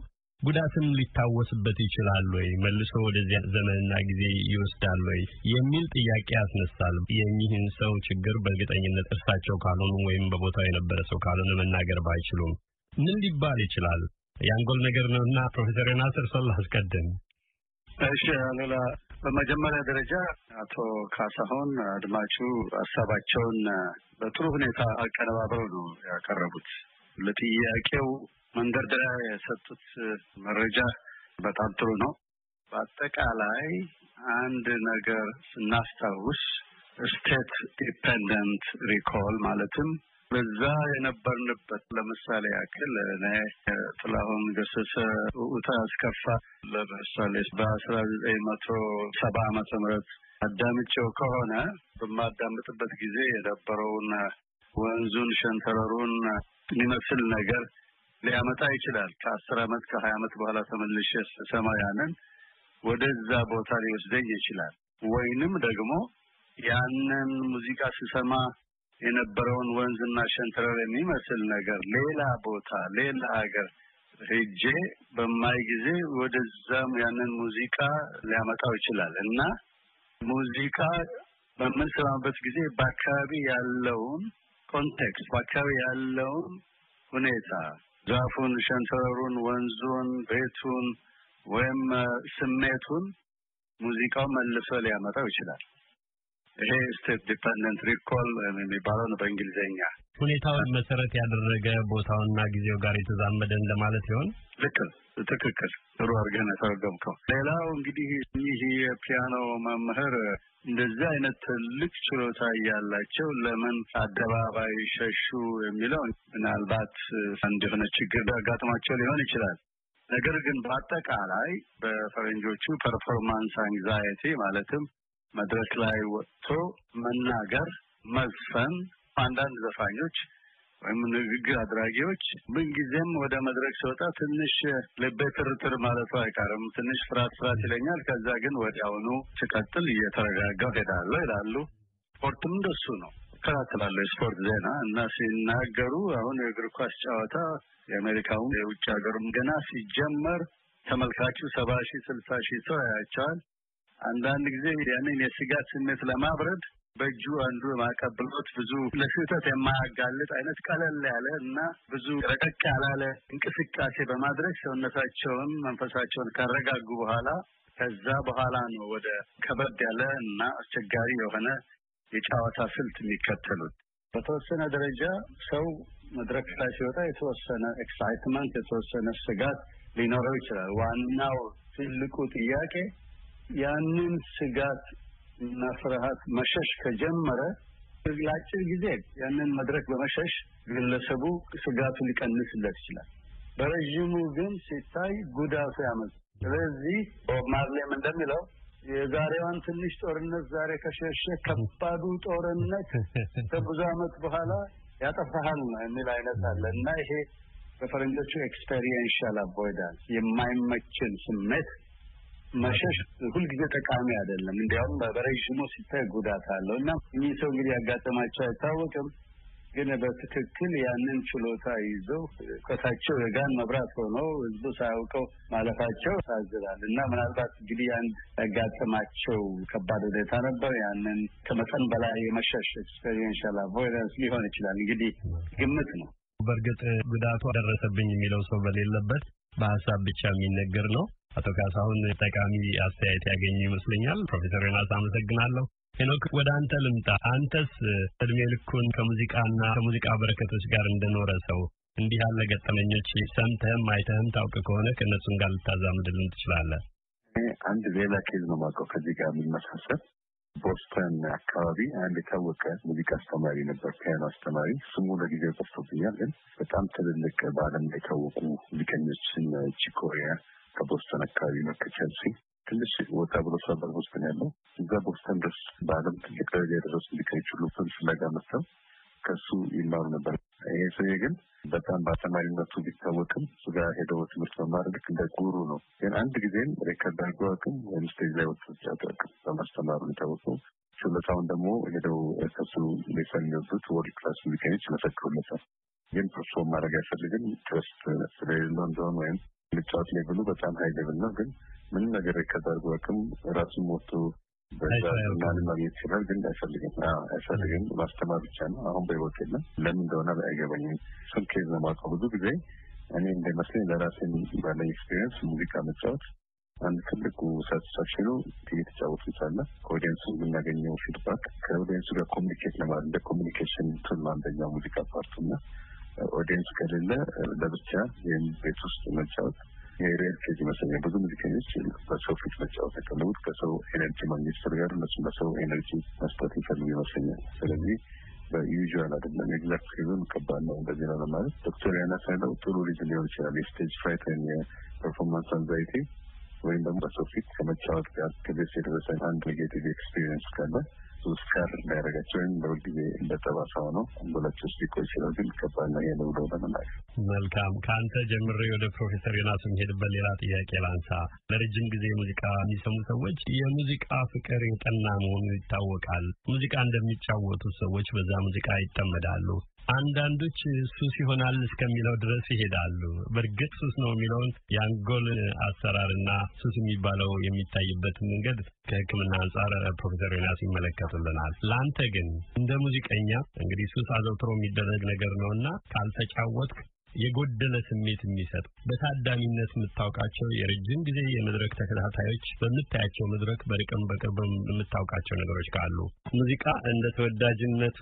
ጉዳትም ሊታወስበት ይችላል ወይ መልሶ ወደዚያ ዘመንና ጊዜ ይወስዳል ወይ የሚል ጥያቄ ያስነሳል። የኚህን ሰው ችግር በእርግጠኝነት እርሳቸው ካልሆኑ ወይም በቦታው የነበረ ሰው ካልሆነ መናገር ባይችሉም ምን ሊባል ይችላል? የአንጎል ነገር ነው እና ፕሮፌሰር ዮናስ እርሶን አስቀድም። እሺ አሉላ፣ በመጀመሪያ ደረጃ አቶ ካሳሁን አድማጩ ሀሳባቸውን በጥሩ ሁኔታ አቀነባብረው ነው ያቀረቡት። ለጥያቄው መንደርደሪያ የሰጡት መረጃ በጣም ጥሩ ነው። በአጠቃላይ አንድ ነገር ስናስታውስ ስቴት ዲፐንደንት ሪኮል ማለትም በዛ የነበርንበት ለምሳሌ ያክል እኔ ጥላሁን ገሰሰ ውታ አስከፋ ለምሳሌ በአስራ ዘጠኝ መቶ ሰባ አመተ ምህረት አዳምጬው ከሆነ በማዳምጥበት ጊዜ የነበረውን ወንዙን ሸንተረሩን የሚመስል ነገር ሊያመጣ ይችላል። ከአስር ዓመት ከሀያ ዓመት በኋላ ተመልሼ ስሰማ ያንን ወደዛ ቦታ ሊወስደኝ ይችላል። ወይንም ደግሞ ያንን ሙዚቃ ስሰማ የነበረውን ወንዝና ሸንተረር የሚመስል ነገር ሌላ ቦታ ሌላ ሀገር ሄጄ በማይ ጊዜ ወደዛም ያንን ሙዚቃ ሊያመጣው ይችላል እና ሙዚቃ በምንሰማበት ጊዜ በአካባቢ ያለውን ኮንቴክስት በአካባቢ ያለውን ሁኔታ ዛፉን፣ ሸንተረሩን፣ ወንዙን፣ ቤቱን ወይም ስሜቱን ሙዚቃው መልሶ ሊያመጣው ይችላል። ይሄ ስቴት ዲፐንደንት ሪኮል የሚባለው ነው በእንግሊዝኛ። ሁኔታውን መሰረት ያደረገ ቦታውና ጊዜው ጋር የተዛመደን ለማለት ይሆን? ልክ ትክክል። ጥሩ አድርገህ ነው ሌላው እንግዲህ ይህ የፒያኖ መምህር እንደዚህ አይነት ትልቅ ችሎታ እያላቸው ለምን አደባባይ ሸሹ የሚለው ምናልባት አንድ የሆነ ችግር ሊያጋጥማቸው ሊሆን ይችላል። ነገር ግን በአጠቃላይ በፈረንጆቹ ፐርፎርማንስ አንግዛይቲ ማለትም መድረክ ላይ ወጥቶ መናገር፣ መዝፈን አንዳንድ ዘፋኞች ወይም ንግግር አድራጊዎች ምንጊዜም ወደ መድረክ ሲወጣ ትንሽ ልቤ ትርትር ማለቱ አይቀርም። ትንሽ ፍርሃት ፍርሃት ይለኛል። ከዛ ግን ወዲያውኑ ስቀጥል እየተረጋጋሁ ሄዳለሁ ይላሉ። ስፖርትም እንደሱ ነው። እከታተላለሁ የስፖርት ዜና እና ሲናገሩ አሁን የእግር ኳስ ጨዋታ የአሜሪካውን የውጭ ሀገሩም ገና ሲጀመር ተመልካቹ ሰባ ሺህ ስልሳ ሺህ ሰው ያያቸዋል። አንዳንድ ጊዜ ያንን የስጋት ስሜት ለማብረድ በእጁ አንዱ የማቀብሎት ብዙ ለስህተት የማያጋልጥ አይነት ቀለል ያለ እና ብዙ ረቀቅ ያላለ እንቅስቃሴ በማድረግ ሰውነታቸውን መንፈሳቸውን ካረጋጉ በኋላ ከዛ በኋላ ነው ወደ ከበድ ያለ እና አስቸጋሪ የሆነ የጨዋታ ስልት የሚከተሉት። በተወሰነ ደረጃ ሰው መድረክ ላይ ሲወጣ የተወሰነ ኤክሳይትመንት፣ የተወሰነ ስጋት ሊኖረው ይችላል። ዋናው ትልቁ ጥያቄ ያንን ስጋት እና ፍርሃት መሸሽ ከጀመረ ለአጭር ጊዜ ያንን መድረክ በመሸሽ ግለሰቡ ስጋቱ ሊቀንስለት ይችላል። በረዥሙ ግን ሲታይ ጉዳቱ ያመጣል። ስለዚህ ቦብ ማርሌም እንደሚለው የዛሬዋን ትንሽ ጦርነት ዛሬ ከሸሸ ከባዱ ጦርነት ከብዙ ዓመት በኋላ ያጠፋሃል ነው የሚል አይነት አለ እና ይሄ በፈረንጆቹ ኤክስፔሪየንሻል አቮይዳንስ የማይመችን ስሜት መሸሽ ሁልጊዜ ጠቃሚ አይደለም። እንዲያውም በረዥሙ ሲታይ ጉዳት አለው እና እኚህ ሰው እንግዲህ ያጋጠማቸው አይታወቅም። ግን በትክክል ያንን ችሎታ ይዘው ከታቸው የጋን መብራት ሆኖ ህዝቡ ሳያውቀው ማለፋቸው ያሳዝናል እና ምናልባት እንግዲህ አንድ ያጋጠማቸው ከባድ ሁኔታ ነበር። ያንን ከመጠን በላይ የመሸሽ ኤክስፔሪንሻል አቮይደንስ ሊሆን ይችላል። እንግዲህ ግምት ነው። በእርግጥ ጉዳቱ ደረሰብኝ የሚለው ሰው በሌለበት በሀሳብ ብቻ የሚነገር ነው። አቶ ካሳሁን ጠቃሚ አስተያየት ያገኙ ይመስለኛል። ፕሮፌሰር ዮናስ አመሰግናለሁ። ሄኖክ ወደ አንተ ልምጣ። አንተስ እድሜ ልኩን ከሙዚቃና ከሙዚቃ በረከቶች ጋር እንደኖረ ሰው እንዲህ ያለ ገጠመኞች ሰምተህም አይተህም ታውቅ ከሆነ ከእነሱን ጋር ልታዛምድልን ትችላለህ። አንድ ሌላ ኬዝ ነው የማውቀው ከዚህ ጋር የሚመሳሰል ቦስተን አካባቢ አንድ የታወቀ ሙዚቃ አስተማሪ ነበር፣ ፒያኖ አስተማሪ። ስሙ ለጊዜው ጠፍቶብኛል፣ ግን በጣም ትልልቅ በዓለም ላይ የታወቁ ሙዚቀኞችን ቺኮሪያ ከቦስተን አካባቢ ነው ከቸልሲ ትንሽ ወጣ ብሎ ሰበር ቦስተን ያለው እዛ ቦስተን ድረስ በአለም ትልቅ ደረጃ የደረሱ ሊቀች ሁሉ ፍን ፍለጋ መጥተው ከሱ ይማሩ ነበር። ይሄ ሰውዬ ግን በጣም በአስተማሪነቱ ቢታወቅም እሱ ጋር ሄደው ትምህርት መማር ልክ እንደ ጉሩ ነው። ግን አንድ ጊዜም ሬከርድ አድርጎ አቅም ወይም ስቴጅ ላይ ወጥ አቅም በማስተማሩ የታወቁ ችሎታውን ደግሞ ሄደው ከሱ ሌሰን የሚወስዱት ወርልድ ክላስ ሚካኒች መሰክሩለታል። ግን ፐርፎርም ማድረግ አይፈልግም ትረስት ስለሌለው እንደሆን ወይም ልጫወት ሌቭሉ በጣም ሀይ ሌቭል ነው። ግን ምን ነገር ከዛርጎ አቅም ራሱን ሞቶ በዛናን ማግኘት ይችላል። ግን አይፈልግም አይፈልግም። ማስተማር ብቻ ነው። አሁን በህይወት የለም። ለምን እንደሆነ አይገባኝም። እሱን ኬዝ ነው የማውቀው። ብዙ ጊዜ እኔ እንደመስለኝ ለራሴ ባለ ኤክስፔሪንስ ሙዚቃ መጫወት አንድ ትልቁ ሳትስፋክሽኑ እየተጫወቱ ሳለ ከኦዲየንሱ የምናገኘው ፊድባክ ከኦዲየንሱ ጋር ኮሚኒኬት ለማድረግ እንደ ኮሚኒኬሽን ቱል አንደኛው ሙዚቃ ፓርቱ እና ኦዲየንስ ከሌለ ለብቻ ይህም ቤት ውስጥ መጫወት የሬር ኬዝ ይመስለኛል። ብዙ ሙዚቀኞች በሰው ፊት መጫወት ያቀለቡት ከሰው ኤነርጂ ማግኘት ይፈልጋሉ። እነሱም በሰው ኤነርጂ መስጠት ይፈልጉ ይመስለኛል። ስለዚህ በዩዥዋል አይደለም ኤግዛክት ሪዝን ከባድ ነው እንደዚህ ነው ለማለት ዶክተር ያና ሳይለው ጥሩ ሪዝን ሊሆን ይችላል። የስቴጅ ፍራይት ወይም የፐርፎርማንስ አንዛይቲ ወይም ደግሞ በሰው ፊት ከመጫወት ጋር ከቤስ የደረሰ አንድ ኔጌቲቭ ኤክስፒሪየንስ ካለ ሱስ ጋር እንዳያደረጋቸው ወይም ለሁልጊዜ እንደጠባሳው ነው እንጎላቸው ውስጥ ሊቆይ ስለዚህ ሊገባል ነው ይሄ ብሎ ለመናገር መልካም። ከአንተ ጀምሬ ወደ ፕሮፌሰር ዮናስ የሚሄድበት ሌላ ጥያቄ ላንሳ። ለረጅም ጊዜ ሙዚቃ የሚሰሙ ሰዎች የሙዚቃ ፍቅር የጠና መሆኑ ይታወቃል። ሙዚቃ እንደሚጫወቱ ሰዎች በዛ ሙዚቃ ይጠመዳሉ። አንዳንዶች ሱስ ይሆናል እስከሚለው ድረስ ይሄዳሉ። በእርግጥ ሱስ ነው የሚለውን የአንጎል አሰራርና ሱስ የሚባለው የሚታይበት መንገድ ከሕክምና አንጻር ፕሮፌሰር ዮናስ ይመለከቱልናል። ለአንተ ግን እንደ ሙዚቀኛ እንግዲህ ሱስ አዘውትሮ የሚደረግ ነገር ነውና ካልተጫወትክ የጎደለ ስሜት የሚሰጥ በታዳሚነት የምታውቃቸው የረጅም ጊዜ የመድረክ ተከታታዮች በምታያቸው መድረክ በርቅም በቅርብም የምታውቃቸው ነገሮች ካሉ ሙዚቃ እንደ ተወዳጅነቱ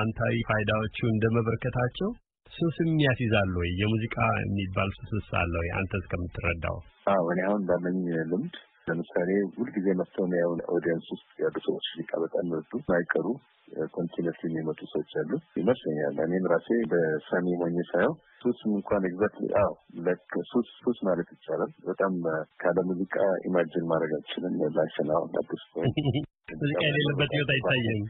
አንታዊ ፋይዳዎቹ እንደ መበርከታቸው ሱስም ያስይዛል ወይ? የሙዚቃ የሚባል ሱስስ አለ ወይ? አንተ እስከምትረዳው። አዎ እኔ አሁን በምን ልምድ ለምሳሌ ሁልጊዜ መጥተው ነው ኦዲየንስ ውስጥ ያሉ ሰዎች ሙዚቃ በጣም ይወዱ አይቀሩ ኮንቲነስ የሚመጡ ሰዎች አሉ ይመስለኛል። እኔም ራሴ በሰሚ ሞኝ ሳየው ሱስም እንኳን ግዛት ው ሱስ ሱስ ማለት ይቻላል። በጣም ካለ ሙዚቃ ኢማጅን ማድረግ አልችልም። ላይፍን አሁን አዲስ ሙዚቃ የሌለበት ህይወት አይታየም።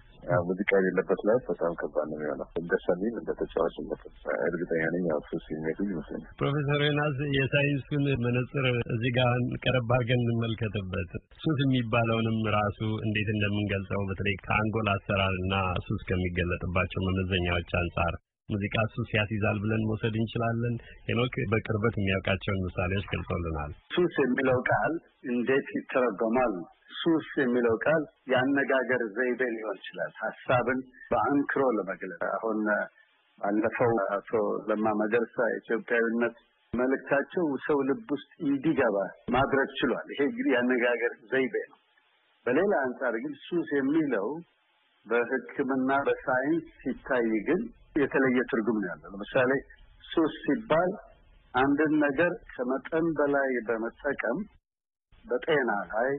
ሙዚቃ የሌለበት ላይ በጣም ከባድ ነው የሚሆነው። እንደ ሰሚም እንደ ተጫዋችነት እርግጠኛ ነኝ። ያው ሱስ የሚሄዱ ይመስለኛል። ፕሮፌሰር ዮናስ የሳይንሱን መነጽር እዚህ ጋር ቀረብ አድርገን እንመልከትበት። ሱስ የሚባለውንም ራሱ እንዴት እንደምንገልጸው በተለይ ከአንጎል አሰራር እና ሱስ ከሚገለጥባቸው መመዘኛዎች አንጻር ሙዚቃ ሱስ ያስይዛል ብለን መውሰድ እንችላለን? ሄኖክ በቅርበት የሚያውቃቸውን ምሳሌዎች ገልጾልናል። ሱስ የሚለው ቃል እንዴት ይተረጎማል? ሱስ የሚለው ቃል የአነጋገር ዘይቤ ሊሆን ይችላል። ሀሳብን በአንክሮ ለመግለጽ አሁን ባለፈው አቶ ለማ መገርሳ ኢትዮጵያዊነት መልእክታቸው ሰው ልብ ውስጥ እንዲገባ ማድረግ ችሏል። ይሄ እንግዲህ የአነጋገር ዘይቤ ነው። በሌላ አንጻር ግን ሱስ የሚለው በሕክምና በሳይንስ ሲታይ ግን የተለየ ትርጉም ነው ያለው። ለምሳሌ ሱስ ሲባል አንድን ነገር ከመጠን በላይ በመጠቀም በጤና ላይ፣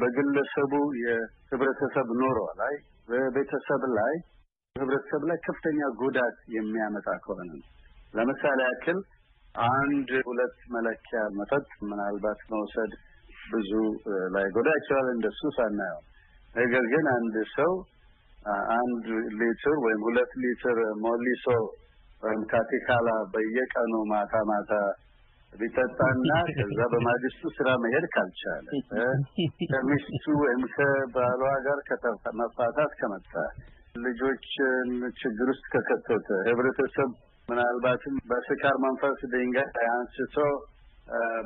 በግለሰቡ የህብረተሰብ ኑሮ ላይ፣ በቤተሰብ ላይ ህብረተሰብ ላይ ከፍተኛ ጉዳት የሚያመጣ ከሆነ ነው። ለምሳሌ ያክል አንድ ሁለት መለኪያ መጠጥ ምናልባት መውሰድ ብዙ ላይ ጎዳ ይችላል፣ እንደሱ ሳናየው። ነገር ግን አንድ ሰው አንድ ሊትር ወይም ሁለት ሊትር ሞሊሶ ወይም ካቲካላ በየቀኑ ማታ ማታ ቢጠጣና ከዛ በማግስቱ ስራ መሄድ ካልቻለ ከሚስቱ ወይም ከባሏ ጋር መፋታት ከመጣ ልጆችን ችግር ውስጥ ከከተተ ህብረተሰብ ምናልባትም በስካር መንፈስ ድንጋይ አንስቶ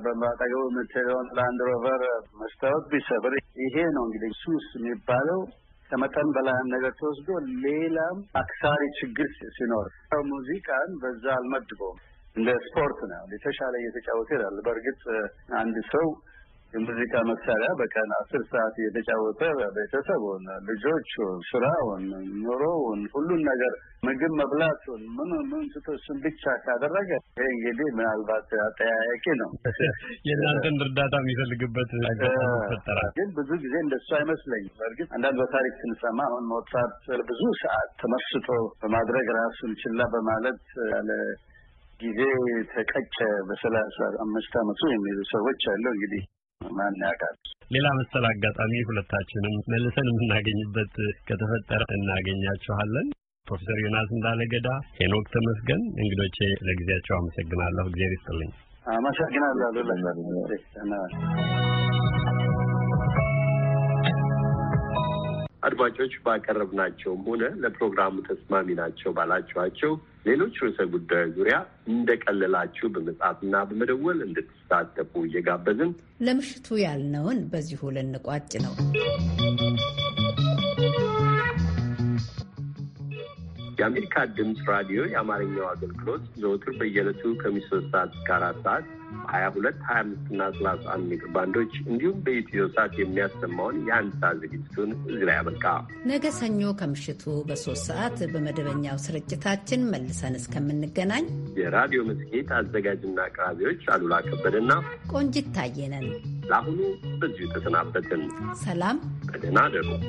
በማጠገቡ የምትሄደውን ላንድ ሮቨር መስታወት ቢሰብር ይሄ ነው እንግዲህ ሱስ የሚባለው። ከመጠን በላይ ነገር ተወስዶ ሌላም አክሳሪ ችግር ሲኖር ሙዚቃን በዛ አልመድበውም። እንደ ስፖርት ነው የተሻለ እየተጫወተ ይላል። በእርግጥ አንድ ሰው የሙዚቃ መሳሪያ በቀን አስር ሰዓት እየተጫወተ ቤተሰቡን፣ ልጆቹን፣ ስራውን፣ ኑሮውን፣ ሁሉን ነገር ምግብ መብላቱን ምን ምን ስቶሱን ብቻ ካደረገ ይህ እንግዲህ ምናልባት አጠያያቂ ነው። የእናንተን እርዳታ የሚፈልግበት ይፈጠራል። ግን ብዙ ጊዜ እንደሱ አይመስለኝም። በእርግጥ አንዳንድ በታሪክ ስንሰማ አሁን ሞጻት ብዙ ሰዓት ተመስቶ በማድረግ ራሱን ችላ በማለት ያለ ጊዜ ተቀጨ በሰላሳ አምስት አመቱ የሚሉ ሰዎች አለው እንግዲህ ማናጋር ሌላ መሰል አጋጣሚ ሁለታችንም መልሰን የምናገኝበት ከተፈጠረ እናገኛችኋለን። ፕሮፌሰር ዮናስ እንዳለ ገዳ፣ ሄኖክ ተመስገን እንግዶቼ ለጊዜያቸው አመሰግናለሁ። እግዜር ይስጥልኝ። አመሰግናለሁ። አድማጮች ባቀረብናቸውም ሆነ ለፕሮግራሙ ተስማሚ ናቸው ባላችኋቸው ሌሎች ርዕሰ ጉዳዮች ዙሪያ እንደቀለላችሁ በመጻፍና በመደወል እንድትሳተፉ እየጋበዝን ለምሽቱ ያልነውን በዚሁ ልንቋጭ ነው። የአሜሪካ ድምፅ ራዲዮ የአማርኛው አገልግሎት ዘወትር በየዕለቱ ከሚ ሰዓት እስከ አራት ሰዓት ሀያ ሁለት ሀያ አምስት እና ሰላሳ አንድ ሜትር ባንዶች እንዲሁም በኢትዮ ሳት የሚያሰማውን የአንድ ዝግጅቱን እዚህ ላይ ያበቃ። ነገ ሰኞ ከምሽቱ በሶስት ሰዓት በመደበኛው ስርጭታችን መልሰን እስከምንገናኝ የራዲዮ መጽሔት አዘጋጅና አቅራቢዎች አሉላ ከበደና ቆንጂት ታየ ለአሁኑ በዚሁ ተሰናበትን። ሰላም፣ በደህና እደሩ።